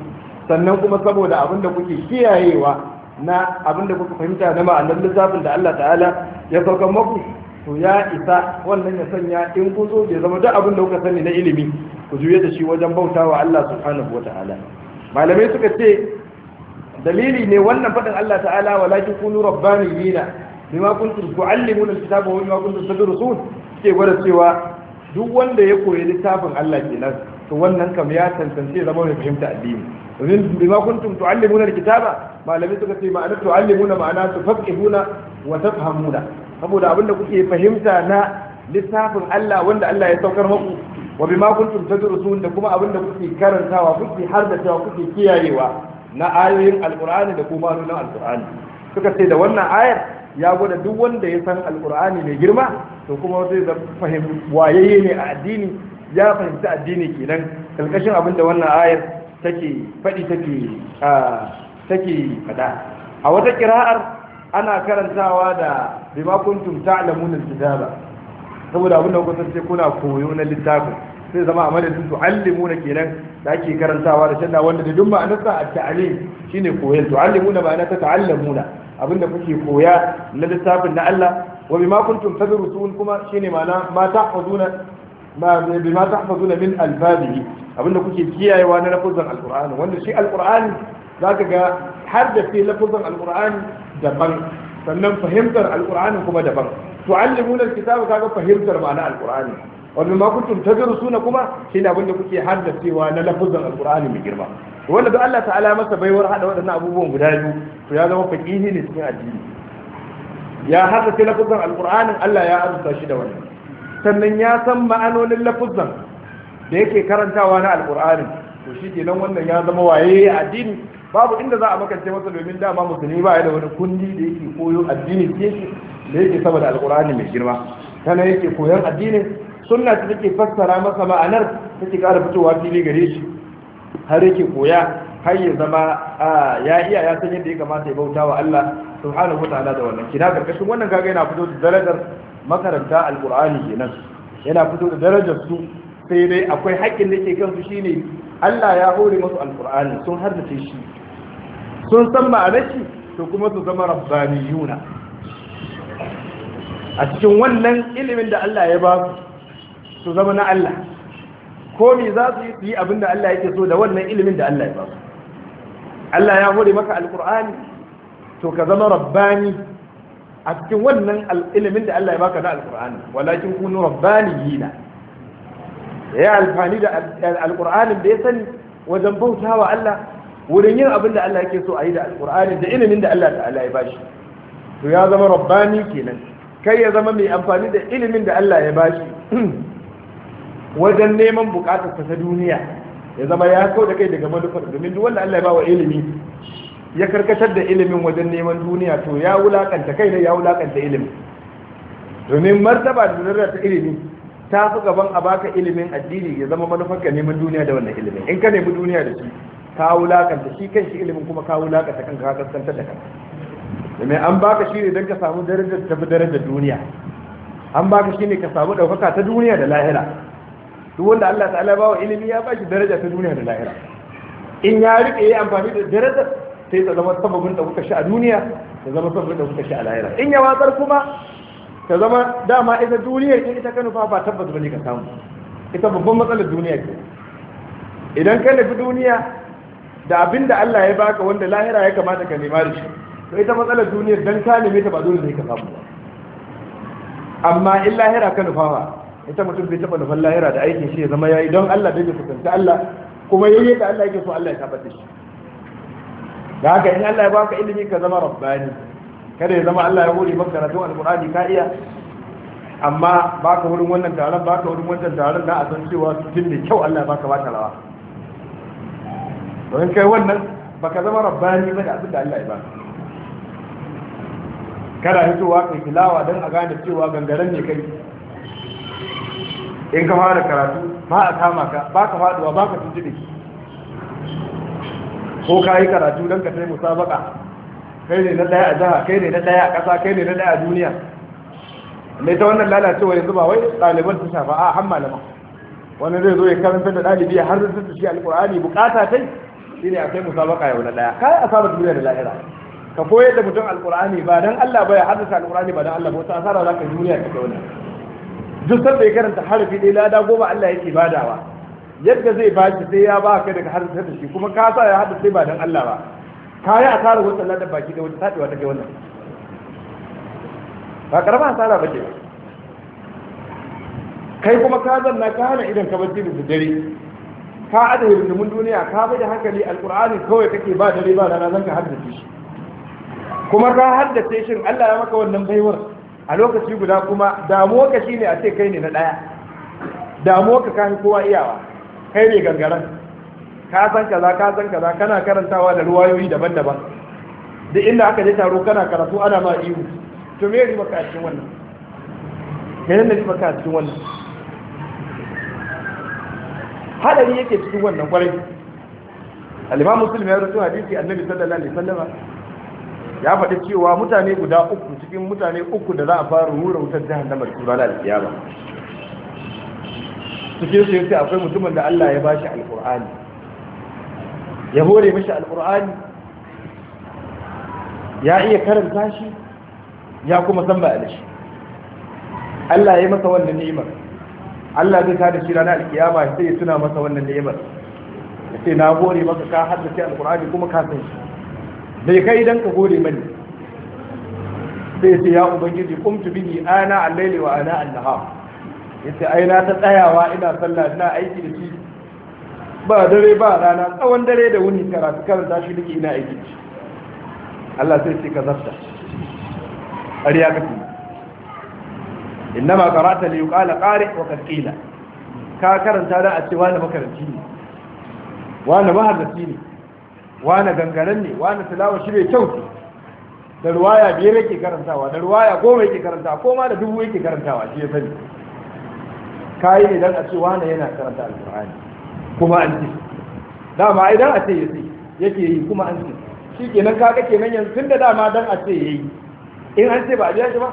sannan kuma saboda abinda kuke kiyayewa na abinda kuka fahimta na ma'anar littafin da Allah ta'ala ya saukar maku to ya isa wannan ya sanya in kun zo zama duk abin da kuka sani na ilimi ku juye da shi wajen bautawa Allah subhanahu malamai suka ce dalili ne wannan faɗin Allah ta'ala walakin kunu rabbaniyina bima kuntum tu'allimuna alkitaba wa bima kuntum tadrusun ke gwada cewa duk wanda ya koyi littafin Allah kenan to wannan kam ya tantance zama mai fahimta addini domin bima kuntum tu'allimuna alkitaba malamai suka ce ma'ana tu'allimuna ma'ana tufaqihuna wa tafhamuna saboda abinda kuke fahimta na littafin Allah wanda Allah ya saukar muku wa bima kuntum tadrusun da kuma abinda kuke karantawa kuke hardacewa kuke kiyayewa na ayoyin alqur'ani da kuma ma'anonin alqur'ani suka ce da wannan ayar ya gwada duk wanda ya san alqur'ani mai girma to kuma zai fahimci wayayye ne a addini ya fahimci addini kenan kalkashin abinda wannan ayar take faɗi take take faɗa a wata kira'ar ana karantawa da bima kuntum ta'lamuna alkitaba saboda abin da kuka san sai kuna koyo na littafin sai zama a madadin su allimuna kenan da ake karantawa da shanna wanda da duk sa a ta'alim shine koyon to allimuna ma'ana ta ta'allamuna abinda kuke koya na littafin na Allah wa bima kuntum tadrusun kuma shine ma'ana ma ta'khuduna ma bima tahfazuna min alfazihi abinda kuke kiyayewa na lafazin alqur'ani wanda shi alqur'ani zaka ga har da fi lafazin alqur'ani daban sannan fahimtar alqur'ani kuma daban tu'allimuna alkitaba kaga fahimtar ma'ana alqur'ani wannan ma kuntum tadrusuna kuma shine abin da kuke haddacewa na lafuzan alqur'ani mai girma wanda da Allah ta'ala masa baiwar hada waɗannan abubuwan guda biyu to ya zama faqihi ne cikin addini ya haddace lafuzan alqur'anin Allah ya azurta shi da wannan sannan ya san ma'anonin lafuzan da yake karantawa na alqur'anin to shi nan wannan ya zama waye addini babu inda za a makance masa domin dama musulmi ba ya da wani kundi da yake koyo addini ke shi da yake saboda alkur'ani mai girma tana yake koyon addinin suna ta take fassara masa ma'anar take kara fitowa fili gare shi har yake koya har ya zama ya iya ya san yadda ya kamata ya bauta wa Allah subhanahu wa ta'ala da wannan kina karkashin wannan kaga yana fito da darajar makaranta alkur'ani kenan yana fito da darajar su sai dai akwai haƙƙin da ke kansu shine Allah ya hore masu alkur'ani sun hardace shi sun san ma'anar shi to kuma su zama rabbaniyuna a cikin wannan ilimin da Allah ya ba su zama na Allah ko me za su yi abinda da Allah yake so da wannan ilimin da Allah ya ba su Allah ya hore maka alkur'ani to ka zama rabbani a cikin wannan ilimin da Allah ya baka na alkur'ani walakin kunu rabbaniyina ya alfani da alkur'anin da ya sani wajen bautawa Allah wurin yin abin da Allah yake so a yi da alkur'ani da ilimin da Allah ta'ala ya bashi to ya zama rabbani kenan kai ya zama mai amfani da ilimin da Allah ya bashi wajen neman bukatar ta duniya ya zama ya kau da kai daga manufar domin duk wanda Allah ya bawa ilimi ya karkatar da ilimin wajen neman duniya to ya wulakanta kai ne ya wulakanta ilimi domin martaba da zarra ta ilimi ta fi gaban a baka ilimin addini ya zama manufar ka neman duniya da wannan ilimin in ka nemi duniya da shi ka wulakanta shi kan shi ilimin kuma ka wulakanta kanka ka kaskantar da kanka mai an baka shi ne don ka samu darajar fi darajar duniya an baka shi ne ka samu ɗaukaka ta duniya da lahira duk wanda Allah ta'ala ba wa ilimi ya baki daraja ta duniya da lahira in ya rike yi amfani da darajar sai ta zama sababin da kuka shi a duniya ta zama sababin da kuka shi a lahira in ya watsar kuma ta zama dama ita duniyar in ita kanu ba tabbas bane ka samu ita babban matsalar duniya ce idan ka nufi duniya da abin da Allah ya baka wanda lahira ya kamata ka nema da shi to ita matsalar duniyar don ka neme ta ba dole ne ka samu ba amma in lahira ka nufawa ita mutum bai taba nufan lahira da aikin shi ya zama yayi don Allah da bai kusanta Allah kuma yayi da Allah yake so Allah ya tabbata shi da haka in Allah ya baka ilimi ka zama rabbani kada ya zama Allah ya hore maka karatun alqur'ani ka iya amma baka wurin wannan taron baka wurin wannan taron da a san cewa cikin da kyau Allah ya baka ba rawa to kai wannan baka zama rabbani ba da abin da Allah ya baka kada hitowa kai tilawa don a gane cewa gangaren ne kai in ka fara karatu ba a kama ka ba ka faduwa ba ka tuntuɗe ko ka yi karatu don ka sai musabaka kai ne na ɗaya a jiha kai ne na ɗaya a ƙasa kai ne na ɗaya a duniya mai ta wannan lalacewa yanzu ba wai ɗaliban ta shafa a han malama wani zai zo ya karanta da ɗalibi har zai shi alƙur'ani bukata tai shine a kai musabaka yau na ɗaya kai a saba duniya da lahira ka koyar da mutum alkur'ani ba dan Allah ba ya haddasa alkur'ani ba dan Allah ba wata asara za ka duniya ta kauna duk sanda ya karanta harafi ɗaya lada goma Allah yake badawa yadda zai baki sai ya ba baka daga haddasa da shi kuma ka sa ya haddasa ba dan Allah ba ka yi asara wata lada baki da wata taɗewa ta kai wannan ba karama asara ba ke kai kuma ka zanna ka hana idan ka bacci da dare ka adana hidimin duniya ka bada hankali alkur'ani kawai kake ba dare ba rana zan ka haddace shi kuma ka haddace shin Allah ya maka wannan baiwar a lokaci guda kuma damuwa ka shine a ce kai ne na daya damuwa ka kan kowa iyawa kai ne gangaran ka san kaza ka san kaza kana karantawa da ruwayoyi daban-daban duk inda aka je taro kana karatu ana ma ihu to me ne maka cikin wannan me ne maka cikin wannan hadari yake cikin wannan kwarai al-imam muslim ya rawaito hadisi annabi sallallahu alaihi wasallam ya faɗi cewa mutane guda uku cikin mutane uku da za a fara hura wutar jahannama su ranar alkiyama cikin su yace akwai mutumin da Allah ya bashi alqur'ani ya hore mishi alqur'ani ya iya karanta shi ya kuma san ba alishi Allah ya masa wannan ni'imar Allah zai tada shi ranar alkiyama sai ya tuna masa wannan ni'imar sai na hore maka ka haddace alqur'ani kuma ka san shi bai kai don ka gode mani sai ce ya ubangiji kumtu bihi ana al-laili wa ana an-nahar yace ai na ta tsayawa ina sallah ina aiki da shi ba dare ba rana tsawon dare da wuni karatu karanta shi nake ina aiki da Allah sai ce ka zafta ariya kake innama qara'ta li yuqala qari wa qad qila ka karanta da a ce wani makaranci ne wani mahallaci ne wane gangaren ne wane tilawa shi bai kyau da ruwaya biyar yake karantawa da ruwaya goma yake karantawa ko ma da dubu yake karantawa shi ya sani kayi ne dan a ce wane yana karanta alkur'ani kuma an ci dama idan a ce yake yake yi kuma an ji shi kenan kaga kenan yanzu tun da dama dan a ce yayi in an ce ba a biya shi ba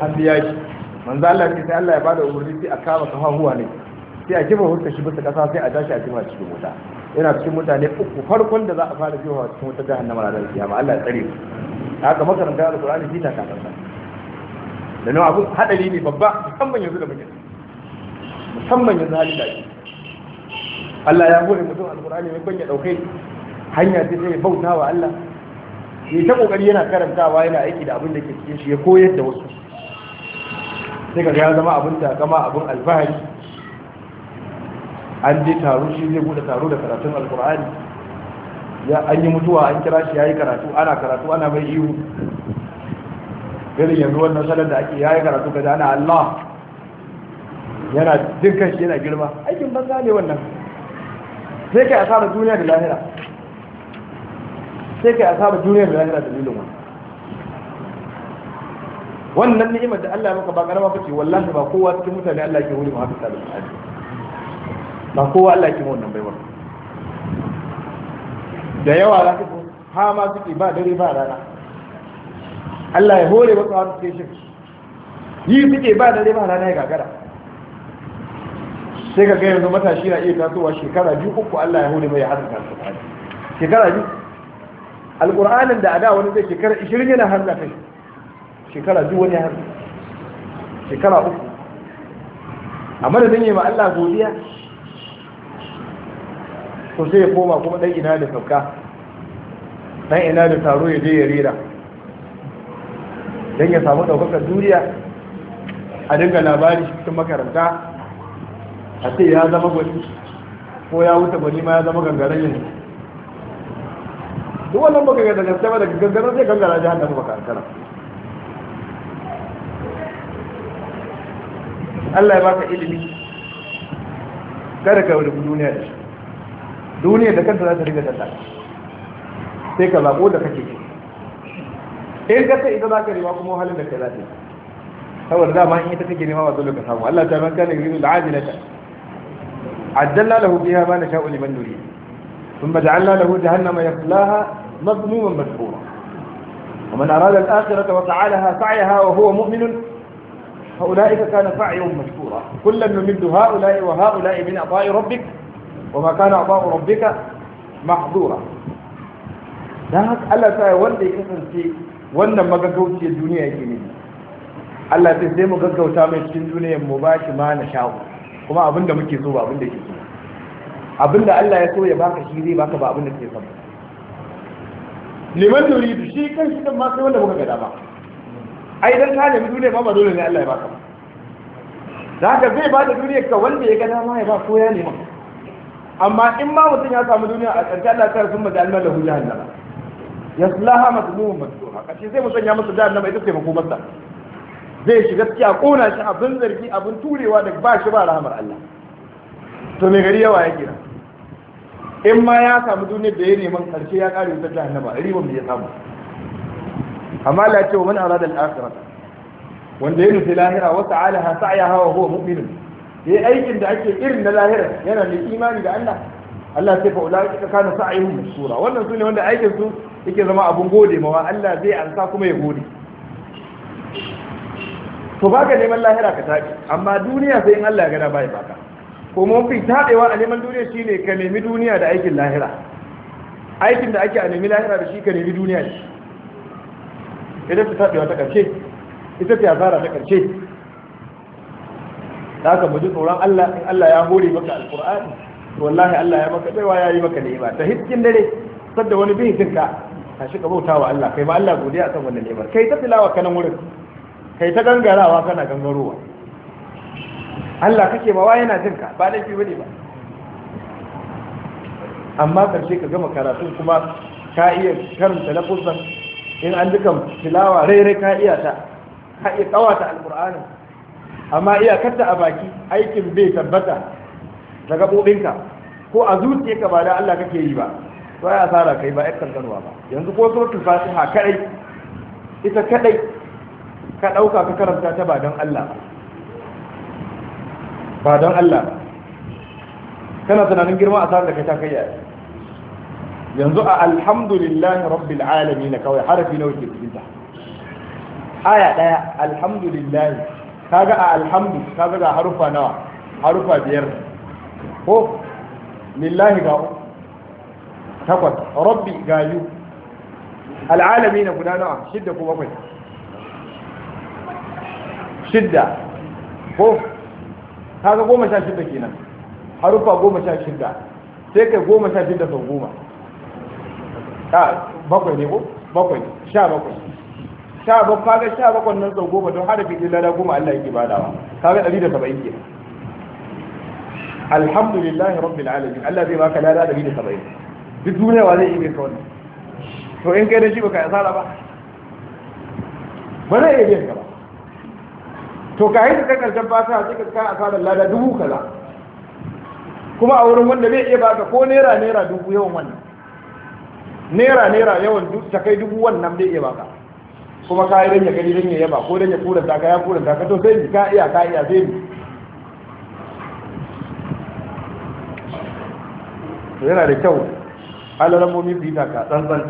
an biya shi manzo Allah sai Allah ya bada umarni sai a kama kafahuwa ne sai a kifa hurta shi bisa kasa sai a tashi a kifa cikin wuta yana cikin mutane uku farkon da za a fara jiwa cikin wata jahannama ranar kiyama Allah ya tsare haka makaranta alqur'ani shi ta kasance da nawa abu hadari ne babba musamman yanzu da muke musamman yanzu hali da shi Allah ya hore mutum alqur'ani mai banya daukai hanya ce sai bauta wa Allah ya ta kokari yana karantawa yana aiki da abin da ke cikin shi ya koyar da wasu sai ga ya zama abin takama abin alfahari an je taro shi zai bude taro da karatun alkur'ani ya an yi mutuwa an kira shi ya yi karatu ana karatu ana mai ihu irin yanzu wannan salar da ake ya yi karatu ga dana Allah yana dukkan shi yana girma aikin banza ne wannan sai kai asarar duniya da lahira sai kai asarar duniya da lahira da lilin wannan wannan ni'imar da Allah ya maka ba karama kace wallahi ba kowa cikin mutane Allah ke wuri ma haka sabbi ba kowa Allah ke wannan baiwar da yawa za ka ko ha ma suke ba dare ba rana Allah ya hore wasu wani station yi suke ba dare ba rana ya gagara sai ka ga yanzu matashi na iya tasowa shekara biyu uku Allah ya hore mai ya haɗa tasu shekara biyu alƙur'anin da a da wani zai shekara ishirin yana hannu kai shekara biyu wani hannu shekara uku a madadin yi ma Allah godiya to sai ya koma kuma dan ina da sauka dan ina da taro ya je ya rera dan ya samu daukakar duniya a dinga labari cikin makaranta a ce ya zama gwani ko ya wuce gwani ma ya zama gangaren yanzu duk wannan baka ga daga sama daga gangaren sai gangara ji hannu baka ankara Allah ya baka ilimi kada ka wuri duniya da shi duniya da kanta za ta riga dalla sai ka zaɓo da kake in ka sai ita za ka rima kuma halin da kai za ta yi saboda dama in ita take nema ba dole ka samu Allah ta man kana da ajilata ajjalna lahu biha ma nasha'u liman nurid thumma ja'alna lahu jahannama yaslaha madhmuman madhura ومن أراد الآخرة وسعى لها سعيها وهو مؤمن فأولئك كان سعيهم مشكورا كلا نمد هؤلاء وهؤلاء من عطاء ربك وما كان عطاء ربك محظورا dan haka Allah ta wanda ya kasance wannan magaggauciyar duniya yake ne Allah sai sai mu gaggauta mai cikin duniyar mu ba shi ma na sha'u kuma abinda muke so ba abinda ke so abinda Allah ya so ya baka shi zai baka ba abinda ke so liman yuridu shi kan shi kan ma sai wanda muka ga dama ai dan ka nemi duniya ma ba dole ne Allah ya baka ba za ka zai ba da duniyar ka wanda ya ga dama ya ba ko ya nema amma in ma mutum ya samu duniya a ƙarshe Allah ta sun maji almal lahu masu yaslaha masu madhura ƙarshe zai mu sanya masa jahannama ita mako masa zai shiga ciki a kona shi abin zargi abin turewa da ba shi ba rahamar Allah
to me gari yawa ya
nan in ma ya samu duniyar da ya neman ƙarshe ya ƙare wutar ribar riba ya samu amma Allah ya ce wa man arada al-akhirah wanda ya nufi lahira wa ta'ala ha sa'yaha wa huwa mu'minun ya aikin da ake irin na lahira yana mai imani da Allah Allah sai fa ulai ka kana sa'ihum mashkura wannan sune wanda aikin su yake zama abun gode mawa Allah zai ansa kuma ya gode to baka neman lahira ka tabi amma duniya sai in Allah ya gada bai baka ko mun fi tabewa a neman duniya shine ka nemi duniya da aikin lahira aikin da ake a nemi lahira da shi ka nemi duniya ne idan ta tabewa ta karshe ita ta asara ta karshe da aka mu tsoron Allah in Allah ya hore maka alqur'ani to wallahi Allah ya maka baiwa yayi maka ni'ima ta hiskin dare sadda wani bihin tinka ka shi ka bautawa Allah kai ma Allah godiya kan wannan ni'imar kai ta tilawa kana wurin kai ta gangarawa kana gangarowa Allah kake ma wa yana tinka ba laifi bane ba amma karshe ka gama karatu kuma ka iya karanta lafuzan in an dukan tilawa rairai ka iya ta ka iya kawata alqur'ani amma iyakarta a baki aikin bai tabbata da gaɓoɓinka ko a zuciya ka ba da Allah kake yi ba to ai asara kai ba yakan kanwa ba yanzu ko so suratul fatiha kadai ita kadai ka dauka ka karanta ta ba don Allah ba don Allah kana tunanin girma asara da kai ta kai yanzu a alhamdulillahi rabbil alamin kawai harafi nawa ke cikin ta aya daya alhamdulillahi kaga a alhamdu kaga ga harufa nawa harufa biyar ko lillahi ga takwas rabbi ga yu al'alami na guda nawa shidda ko bakwai shidda ko kaga goma sha shidda kenan harufa goma sha shidda sai kai goma sha shidda sau goma bakwai ne ko bakwai sha bakwai sha bakwai kaga sha bakwai nan sau goma don harafi ɗin lada goma Allah yake badawa kaga ɗari da saba'in ke alhamdulillah rabbil alamin Allah zai baka lada ɗari da saba'in duk duniya wa zai iya ka wannan to in kai da shi baka asara ba ba zai iya biyan ka ba to ka yi ta karshen fata a cikin ka asarar lada dubu kaza kuma a wurin wanda bai iya baka ko naira naira dubu yawan wannan naira naira yawan ta kai dubu wannan bai iya baka kuma ka yi ya gani ranya ya yaba ko ranya ya ta ka ya kuranta ka to sai ka iya ka iya sai ni yana da kyau alalamomi su yi taka tsantsan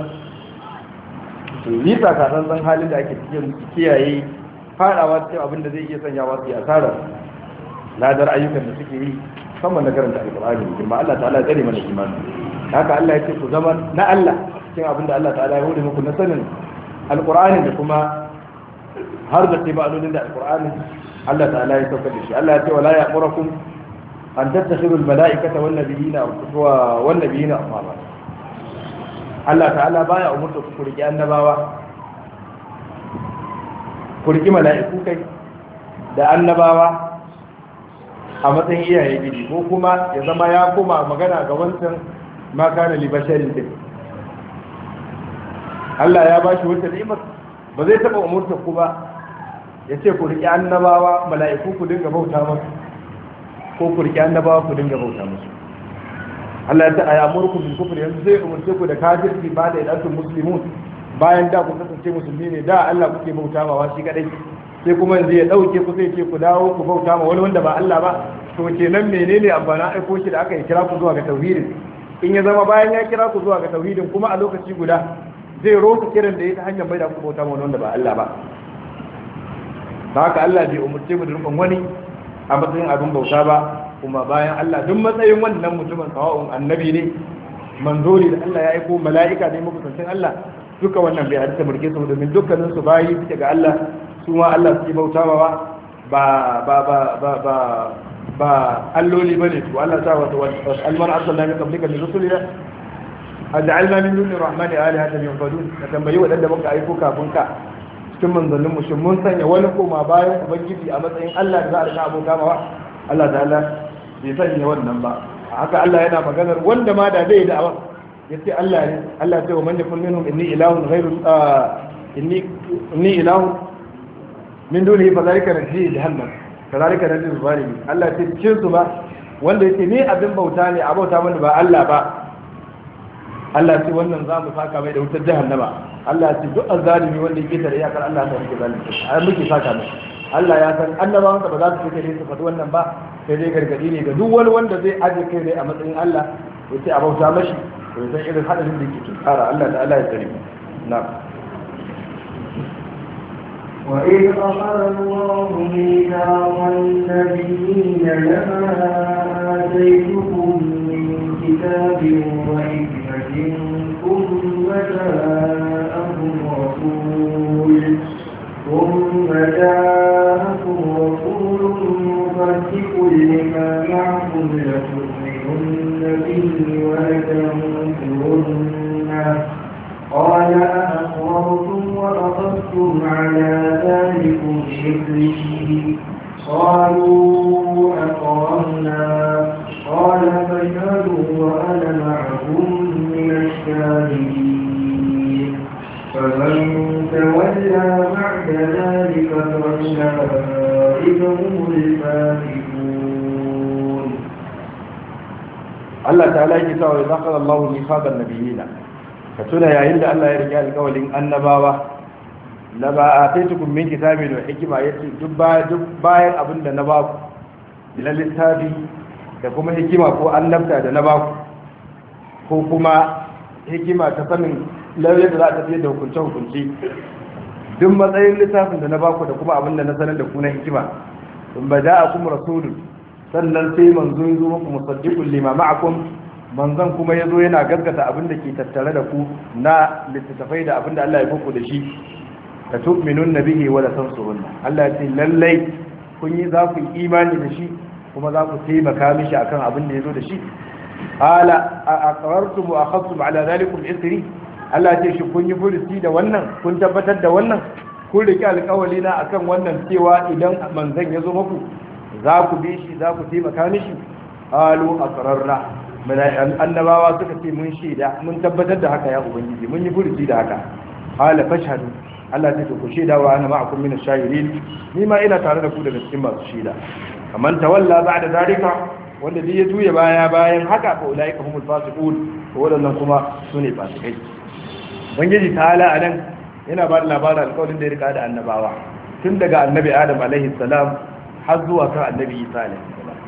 su yi taka tsantsan halin da ake cikin kiyaye fadawa cikin abin da zai iya wa su yi asarar ladar ayyukan da suke yi musamman na karanta alƙur'ani mai girma Allah ta'ala tsare mana imani haka Allah ya ce ku zama na Allah cikin abin da Allah ta'ala ya hudu muku na sanin alƙur'ani da kuma har da ce ma'anonin da alƙur'ani Allah ta'ala ya sauka da shi Allah ya ce wala ya ƙurakun an tattashiru mala'ikata wannan biyina wa wannan biyina amma ba Allah ta'ala baya umurta ku kurki annabawa kurki mala'iku kai da annabawa a matsayin iyaye gidi ko kuma ya zama ya koma magana ga wancan ma kana libasharin din Allah ya bashi wata ni'imar ba zai taba umurta ku ba ya ce ku riƙe annabawa mala'iku ku dinga bauta musu ko ku riƙe annabawa ku dinga bauta musu Allah ya ta aya murku bil kufri yanzu zai umurce ku da kafirci ba da idan muslimun bayan da ku kasance musulmi ne da Allah kuke bauta ma shi kadai sai kuma yanzu ya dauke ku sai ce ku dawo ku bauta ma wani wanda ba Allah ba to kenan menene amfana aiko shi da aka yi kira ku zuwa ga tauhidin in ya zama bayan ya kira ku zuwa ga tauhidin kuma a lokaci guda zai rosa kiran da ya ta hanyar mai da kuma ta ma wanda ba Allah ba ta haka Allah bai umarce mu da rufin wani a matsayin abin bauta ba kuma bayan Allah duk matsayin wannan mutumin sawa'un annabi ne manzori da Allah ya aiko mala'ika ne makusancin Allah duka wannan bai hadisa murke su domin dukkanin su bayi suke ga Allah su ma Allah suke bauta ba ba ba ba ba ba alloli bane to Allah ta wata almar arsalna min qablika min rusulina aj'alna min dunir rahmani alihatan yu'badun ka tambayi wadanda muka aiko kafin ka cikin manzannin mu mun sanya wani koma bayan ubangiji a matsayin Allah da za a rika abota mawa Allah Allah bai sanya wannan ba haka Allah yana maganar wanda ma da zai da'awa awan yace Allah ne Allah ce wa man yakun minhum inni ilahun ghairu inni inni ilahun min dunihi fa zalika rajii jahannam kazalika rajii zalimi Allah ce cin su ba wanda yake ni abin bauta ne a bauta mana ba Allah ba Allah ce wannan za mu saka mai da wutar jahannama Allah ce duk azalimi wanda yake tare yakar Allah ta yake zalunci ai muke saka mai Allah ya san annabawan ba za su fita ne su faɗi wannan ba sai dai gargadi ne ga duk wani wanda zai aje kai dai a matsayin Allah ya ce a bauta mashi to san irin hadarin da yake tsara Allah da Allah ya tsare mu na'am
وإذ أخذ الله ميثاق النبيين لما آتيتكم من كتاب وحكمة ثم جاءكم رسول مصدق لما معكم لتؤمنن به ولتنصرنه قال أأقررتم وأخذتم على ذلكم إثري قالوا أقررنا قال فشهدوا وأنا معهم من الشاهدين فمن تولى بعد ذلك فأولئك
هم الفاسقون الله تعالى يقول إذا أخذ الله ميثاق النبيين فتنا يا عند الله يرجع القول النبوة na ba a sai tukun min kitabi da hikima ya ce duk bayan abin da na ba ku na littafi da kuma hikima ko annabta da na baku ko kuma hikima ta sanin lauyar da za a tafiye da hukunce hukunci duk matsayin littafin da na baku da kuma abin da na sanar da ku na hikima in ba da kuma rasulun sannan sai manzo ya zo muku musaddiqul lima ma'akum manzan kuma ya zo yana gaskata abin da ke tattare da ku na littattafai da abin da Allah ya fuku da shi ta na nabihi wa la tansurun Allah ya ce lallai kun yi za ku imani da shi kuma za ku taimaka mishi akan abin da ya zo da shi ala aqrartum wa akhadtum ala dhalikum isri Allah ya ce shi kun yi furusi da wannan kun tabbatar da wannan kun rike alƙawali na akan wannan cewa idan manzon ya zo muku za ku bi shi za ku taimaka mishi qalu aqrarna annabawa suka ce mun shaida mun tabbatar da haka ya ubangiji mun yi furusi da haka qala fashhadu Allah ya ce ku dawo wa ana ma'akum min ash-shahidin ni ma ina tare da ku daga cikin masu shaida amman tawalla ba'da zalika wanda zai ya juya baya bayan haka fa ka humul fasiqun to wadannan kuma sune fasikai ubangiji ta'ala anan yana ba da labarin alƙawarin da ya rika da annabawa tun daga annabi adam alaihi salam har zuwa kan annabi isa alaihi salam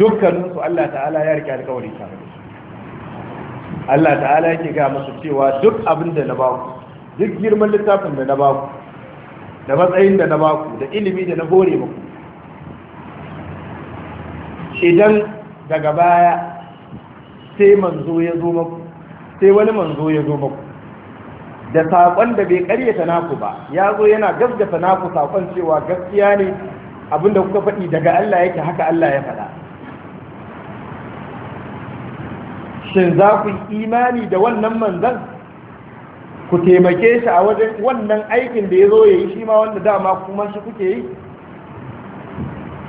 dukkaninsu Allah ta'ala ya rike alƙawari tare da su Allah ta'ala yake ga masu cewa duk abin da na ba ku duk girman littafin da na baku da matsayin da na baku da ilimi da na hore muku idan daga baya sai manzo ya zo maku sai wani manzo ya zo maku da saƙon da bai ƙaryata naku ba ya zo yana gaskata naku saƙon cewa gaskiya ne abinda kuka faɗi daga Allah yake haka Allah ya faɗa shin za ku imani da wannan manzan ku taimake shi a wajen wannan aikin da ya zo ya yi shi ma wanda dama kuma shi kuke yi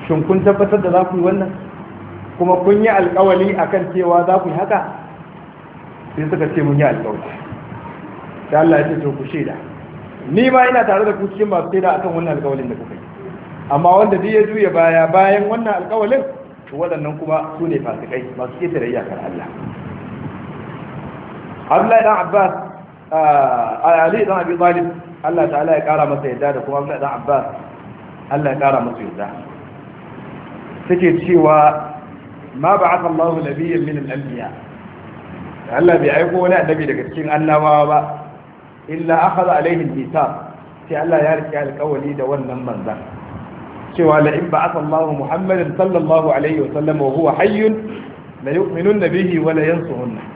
shin kun tabbatar da za ku yi wannan kuma kun yi alkawali kan cewa za ku yi haka sai suka ce mun yi alkawali sai Allah ya ce to ku shaida ni ma ina tare da ku cikin masu shaida akan wannan alkawalin da kuka yi amma wanda duk ya juya baya bayan wannan alkawalin to waɗannan kuma su ne fasikai masu ƙetare iyakar Allah Abdullahi dan Abbas ali dan abi talib Allah ta'ala ya kara masa yadda da kuma Abdullah dan Abbas Allah ya kara masa yadda take cewa ma ba'atha Allahu nabiyyan min al-anbiya Allah bai aiko wani annabi daga cikin annabawa ba illa akhadha alaihi al-kitab sai Allah ya rike alƙawari da wannan manzan cewa la in ba'atha Allahu Muhammadan sallallahu alaihi wa sallam wa huwa hayyun la yu'minunna bihi wa la yansuhunna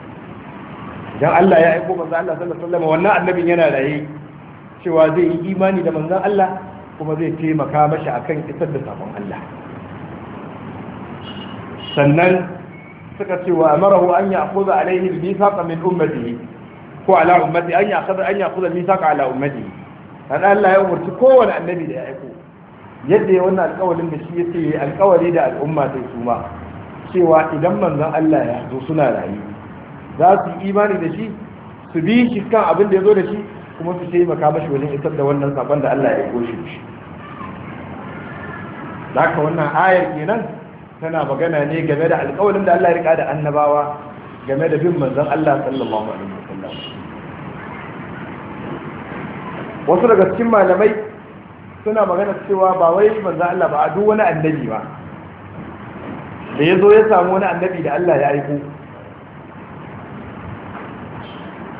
Idan Allah ya aiko manzon Allah sallallahu alaihi wasallam wannan annabin yana raye cewa zai yi imani da manzon Allah kuma zai taimaka mashi akan isar da sabon Allah sannan suka ce wa amarahu an ya'khudha alaihi al-mithaqa min ummatihi ko ala ummati an ya'khudha an ya'khudha mithaqa ala ummati dan Allah ya umurci kowanne annabi da ya aiko yadda ya wannan alƙawarin da shi yace alƙawari da al'umma sai su ma cewa idan manzon Allah ya zo suna rayu za su yi imani da shi su bi shi kan abin da ya zo da shi kuma su taimaka mashi wajen isar da wannan sabon da Allah ya goshe shi haka wannan ayar kenan tana magana ne game da alƙawarin da Allah ya rika da annabawa game da bin manzon Allah sallallahu alaihi wasallam wasu daga cikin malamai suna magana cewa ba wai manzon Allah ba a duk wani annabi ba da ya zo ya samu wani annabi da Allah ya aiko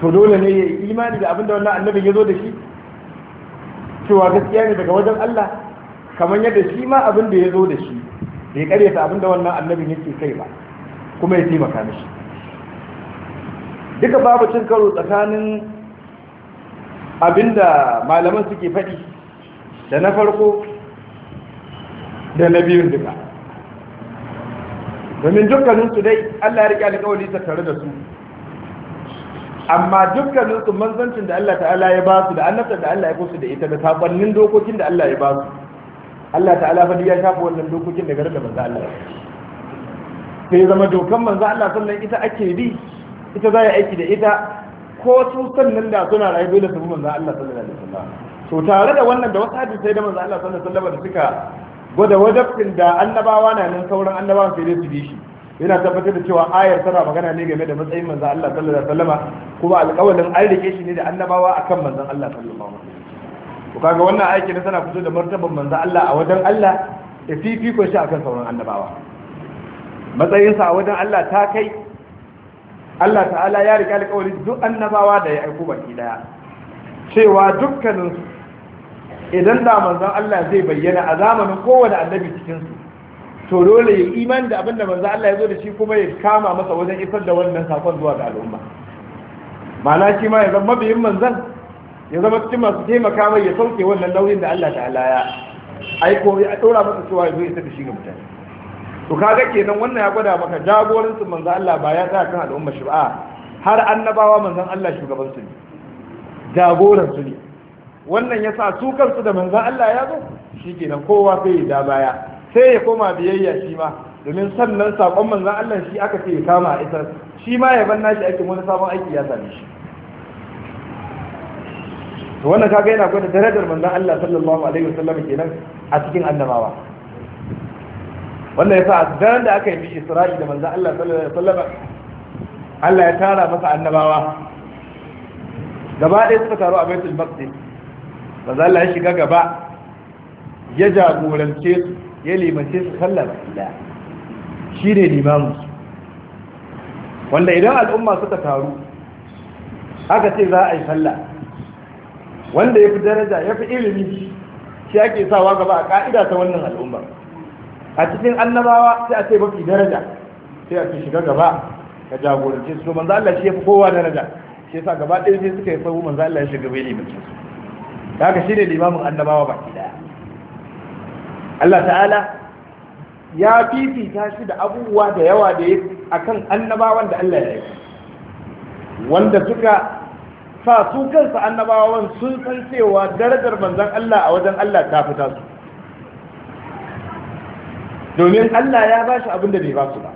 to dole ne ya yi imani da abinda wannan annabin ya zo da shi cewa gaskiya ne daga wajen Allah kamar yadda shi ma abin da ya zo da shi bai karyata abin da wannan annabin yake kai ba kuma ya taimaka mishi duka babu cin karo tsakanin abin da malaman suke faɗi da na farko da na biyun duka domin dukkaninsu dai Allah ya riƙe alƙawari tare da su amma dukkanin su manzancin da Allah ta'ala ya ba su da annabta da Allah ya ba su da ita da sabannin dokokin da Allah ya ba su Allah ta'ala fa ya shafa wannan dokokin da garin da manzo Allah sai zama dokan manzo Allah sannan ita ake bi ita za ya aiki da ita ko su sannan da suna rayu da su manzo Allah sallallahu alaihi wasallam to tare da wannan da wasu sai da manzo Allah sallallahu alaihi wasallam da suka gwada wadafin da annabawa na nan sauran annabawa sai dai su bi shi yana tabbatar da cewa ayar tana magana ne game da matsayin manza Allah sallallahu alaihi wasallam kuma alƙawalin an rike shi ne da annabawa akan manzon Allah sallallahu alaihi wasallam to kaga wannan aiki ne tana fito da martaban manza Allah a wajen Allah da fifiko shi akan sauran annabawa matsayinsa a wajen Allah ta kai Allah ta'ala ya rike alƙawarin duk annabawa da ya aiko baki daya cewa dukkaninsu idan da manzon Allah zai bayyana a zamanin kowane annabi cikinsu to dole ya imani da abinda manzo Allah ya zo da shi kuma ya kama masa wajen isar da wannan sakon zuwa ga al'umma Mana shi ma ya zama biyin manzon ya zama cikin masu taimaka mai ya sauke wannan nauyin da Allah ta'ala ya aiko ya dora masa cewa ya zo ya saka shi ga mutane to kaga kenan wannan ya gwada maka jagorancin manzo Allah ba ya tsaya kan al'umma shi ba har annabawa manzon Allah shugaban su ne jagoran su ne wannan yasa su kansu da manzon Allah ya zo shikenan kowa sai ya da baya sai ya koma biyayya shi ma domin sannan sakon manzan Allah shi aka ce ya kama a isar shi ma ya ban nashi aikin wani sabon aiki ya same shi to wannan kaga yana gwada darajar manzan Allah sallallahu alaihi wasallam kenan a cikin annabawa wannan yasa a daren da aka yi bi Isra'i da manzan Allah sallallahu alaihi wasallam Allah ya tara masa annabawa gaba ɗaya suka taru a Baitul Maqdis manzan Allah ya shiga gaba ya jagorance su ya sai su kalla baki daya shi ne limamu. wanda idan al'umma suka taru aka ce za a yi kalla, wanda ya fi daraja ya fi ilimi shi ake sawa gaba a ka'ida ta wannan al'ummar a cikin annabawa sai a ce mafi daraja sai a ce shiga gaba ka jagorance su manza Allah shi ya fi kowa daraja shi sa gaba ɗaya sai suka yi sahu manza Allah ya shiga bai limancin su haka ne limamin annabawa baki daya Allah ta'ala ya fifita shi da abubuwa da yawa da ya akan annabawan da Allah ya yi wanda suka sa su kansu annabawan sun san cewa darajar manzon Allah a wajen Allah ta fita su domin Allah ya ba shi abin da bai ba su ba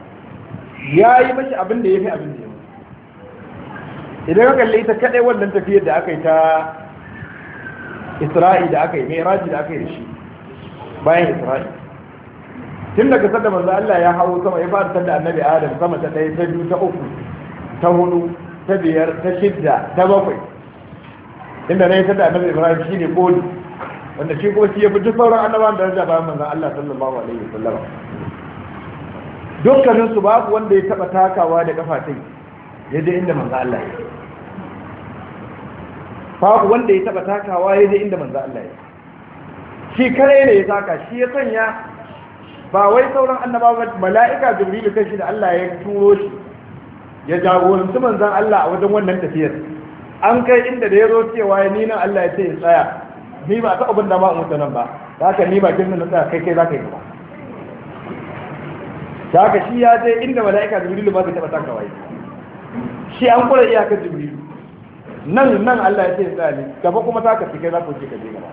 ya yi mashi abin da ya fi abin da ya idan ka kalli ita kadai wannan tafiyar da aka yi ta isra'i da aka yi mai da aka yi da shi bayan isra'i tun daga sanda manzo Allah ya hawo sama ya fara sanda annabi adam sama ta ɗaya ta biyu ta uku ta hudu ta biyar ta shidda ta bakwai inda na yi sanda annabi ibrahim shi ne koli wanda shi kuma shi ya fi duk sauran annabawan daraja bayan manzo Allah sallallahu alaihi wasallam dukkanin su babu wanda ya taba takawa da tai yaje inda manzo Allah ya babu wanda ya taba takawa yaje inda manzo Allah ya shi kare ne ya saka shi ya sanya ba wai sauran ba mala'ika jibrilu kan shi da Allah ya turo shi ya jagoranci manzon Allah a wajen wannan tafiyar an kai inda da ya zo cewa ni nina Allah ya ce ya tsaya ni ba ta abin da ba mutu nan ba haka ni ba kin nan tsaya kai kai zaka yi ba haka shi ya je inda mala'ika jibrilu ba zai taba taka wai shi an kula iyakar jibrilu nan nan Allah ya ce ya tsaya ne gaba kuma taka kai za ku ce ka je gaba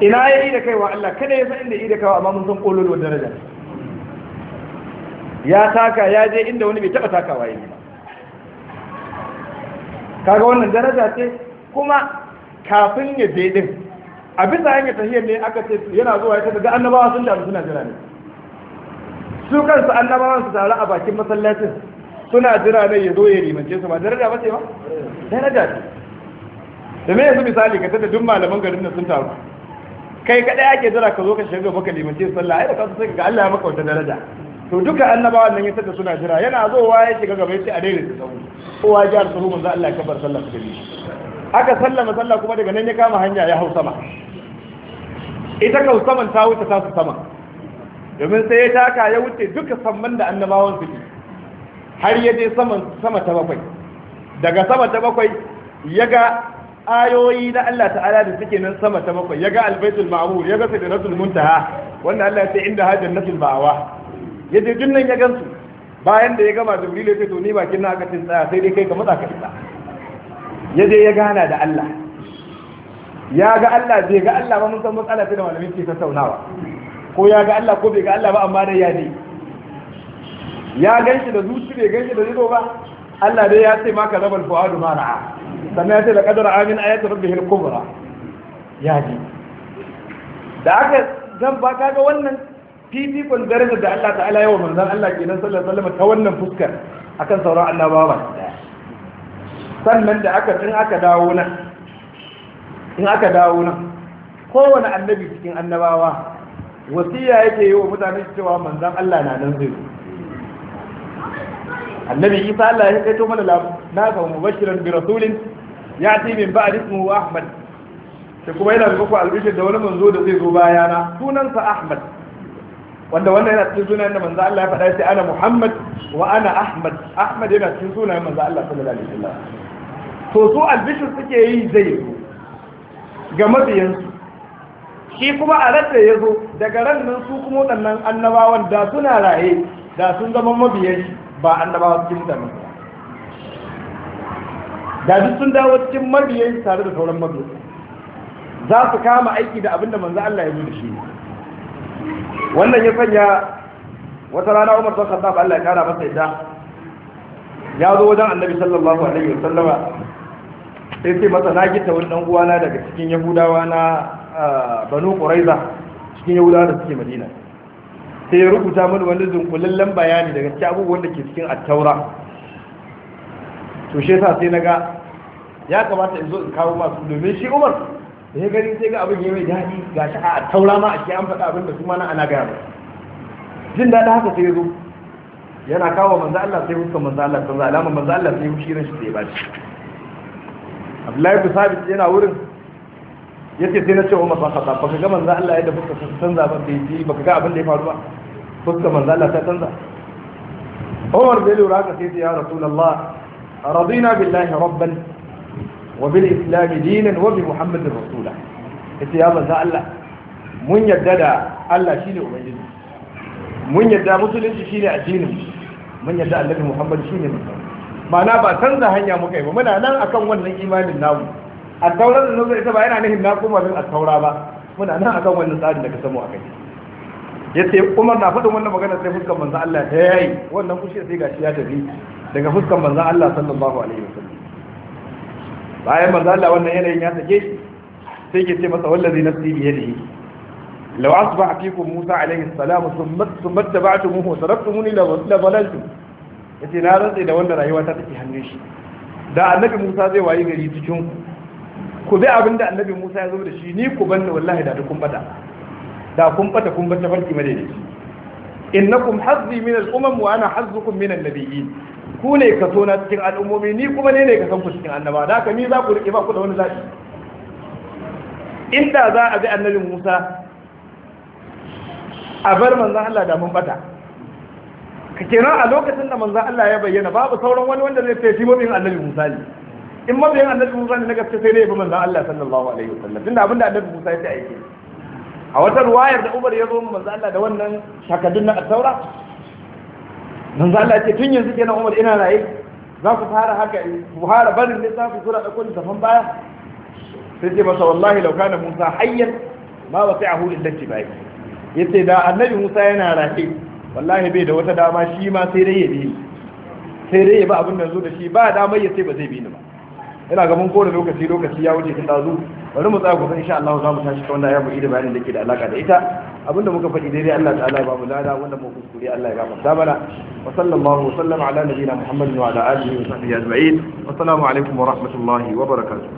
ina ya yi da kaiwa Allah kada ya san inda yi da kaiwa amma mun san wa daraja ya taka ya je inda wani bai taba takawa yi ba kaga wannan daraja ce kuma kafin ya je din a bisa hanyar tahiyar ne aka ce yana zuwa ya ga annabawa sun da suna jira ne su kansu annabawa su tare a bakin masallacin suna jira ne ya zo ya rimance su ba daraja ba ce ba daraja ce da me yanzu misali ka tada duk malaman garin nan sun taru kai kadai ake jira ka zo ka shiga ka limanci sallah ai da kansu sai ga Allah ya maka wata daraja to duka annabawan nan ya saka suna jira yana zowa ya shiga gaba yace a daidai da sahu kowa ya ji alfahu za Allah ya kabar sallah ta shi aka sallama sallah kuma daga nan ya kama hanya ya hau sama ita ka saman ta wuce ta su sama domin sai ya taka ya wuce duka samman da annabawan su har ya je sama ta bakwai daga sama ta bakwai ya ga ayoyi na Allah ta'ala da suke nan sama ta bakwai ya ga albaitul ma'mur ya ga sidratul muntaha wanda Allah ya ce inda Hajar nasul ba'awa ya je dunnan ya gansu bayan da ya gama jibril ya ce to ni bakin na aka tin tsaya sai dai kai ka matsa ka isa ya je ya gana da Allah ya ga Allah bai ga Allah ba mun san matsala ta da malamin ke tattaunawa ko ya ga Allah ko bai ga Allah ba amma dai ya ne ya ganshi da zuci bai ganshi da ido ba Allah dai ya ce maka rabal fuadu ma ra'a sannan ya ce da kadar amin ayatul rabbihil kubra ya ji da aka zan ba ga wannan fifikon darajar da Allah ta'ala yawa manzon Allah kenan sallallahu alaihi wasallam ta wannan fuskar akan sauran annabawa sannan da aka in aka dawo nan in aka dawo nan kowane annabi cikin annabawa wasiya yake yi wa mutane cewa manzon Allah na nan zai annabi Isa Allah ya kai to mana labu na ga mubashiran bi rasulin ya ce min ba'd wa ahmad sai kuma yana muku albishir da wani manzo da zai zo bayana sunansa ahmad wanda wannan yana cikin sunayen da manzo Allah ya faɗa sai ana muhammad wa ana ahmad ahmad yana cikin sunayen manzo Allah sallallahu alaihi wasallam to su albishir suke yi zai zo ga mabiyansu shi kuma a ran ya zo daga ran nan su kuma waɗannan annabawan da suna raye da sun zama mabiyan ba annabawa cikin mutane da duk sun dawo cikin mabiyai tare da sauran mabiyai za su kama aiki da abinda manzo Allah ya yi da shi wannan ya sanya wata rana Umar bin Khattab Allah ya kara masa yadda ya zo wajen Annabi sallallahu alaihi wasallama sai sai masa na gita wani dan uwana daga cikin Yahudawa na Banu Quraiza cikin Yahudawa da suke Madina sai ya rubuta mini wani zunkulallen bayani daga cikin abubuwan da ke cikin at-Taura to shi yasa sai naga ya kamata in zo in kawo masu domin shi Umar da ya gani sai ga abin ya mai daɗi ga shi a taura ma a ke an faɗa abin da su mana ana gaya ba jin daɗi haka sai ya zo yana kawo manzo Allah sai hukun manzo Allah sai alama manzo Allah sai shi ran shi sai ya bashi Abdullahi bin Sabit yana wurin yace sai na ce Umar ba ka baka ga manzo Allah yadda fuska sun canza ba bai ji baka ga abin da ya faru ba fuska manzo Allah ta canza Umar bai lura ka sai ya Rasulullah رضينا بالله ربا وبالإسلام دينا وبمحمد رسولا إتي يا ذا الله من يدد الله شيني أمين من يدد مسلم شيني أجين من يدد النبي محمد شيني مسلم ma'ana ba canza hanya muka yi ba muna nan akan wannan imanin namu a taurar da ita ba yana nihin na kuma bin a taura ba muna nan akan wannan tsarin da samu a kai yace umar na faɗin wannan magana sai fuskar Allah ta wannan kushe sai gashi ya tafi daga fuskan manzon Allah sallallahu alaihi wasallam bayan manzon Allah wannan yanayin ya sake shi sai ke ce masa wallazi nafsi bi yadihi law asbaha fikum Musa alaihi salam thumma thumma tabatumuhu wa da la Ya ce na rantsa da wanda rayuwa ta take hannun shi da annabi Musa zai wayi gari cikin ku Ku bi abinda annabi Musa ya zo da shi ni ku banni wallahi da kun bada da kun bata kun bata farki madaidaici innakum hazzi min al-umam wa ana hazzukum min an-nabiyyin ku ne ka so na cikin al'ummomi ni kuma ne ne ka san ku cikin annaba da ka ni za ku rike ba ku da wani zaɓi inda za a bi annabi Musa a bar manzan Allah da mun bata ka kenan a lokacin da manzan Allah ya bayyana babu sauran wani wanda zai ce mabiyin annabi Musa ne in mabiyin annabi Musa ne na gaske sai ne ya bi manzan Allah sallallahu alaihi wasallam tunda abinda annabi Musa ya ce aiki a wata ruwayar da Umar ya zo manzan Allah da wannan takaddun na at saura za Allah ce tun yanzu kenan Umar ina raye za ku fara haka ku fara barin ne za ku sura da kun zaman baya sai ce masa wallahi law kana Musa hayyan ma wasi'ahu illa tibai yace da annabi Musa yana raye wallahi bai da wata dama shi ma sai dai ya bi sai dai ya ba abin da zo da shi ba dama ya sai ba zai bi ni ba ina ga mun kore lokaci lokaci ya wuce ta dazu bari mu tsaya gobe insha Allah za mu tashi ta wannan ayar buɗe bayanin da ke da alaka da ita abinda muka faɗi daidai Allah ta'ala ya ba mu lada wanda mu kuskure Allah ya gafarta mana wa sallallahu wa sallama ala nabiyina Muhammadin wa ala alihi wa sahbihi ajma'in wa assalamu alaikum wa rahmatullahi wa barakatuh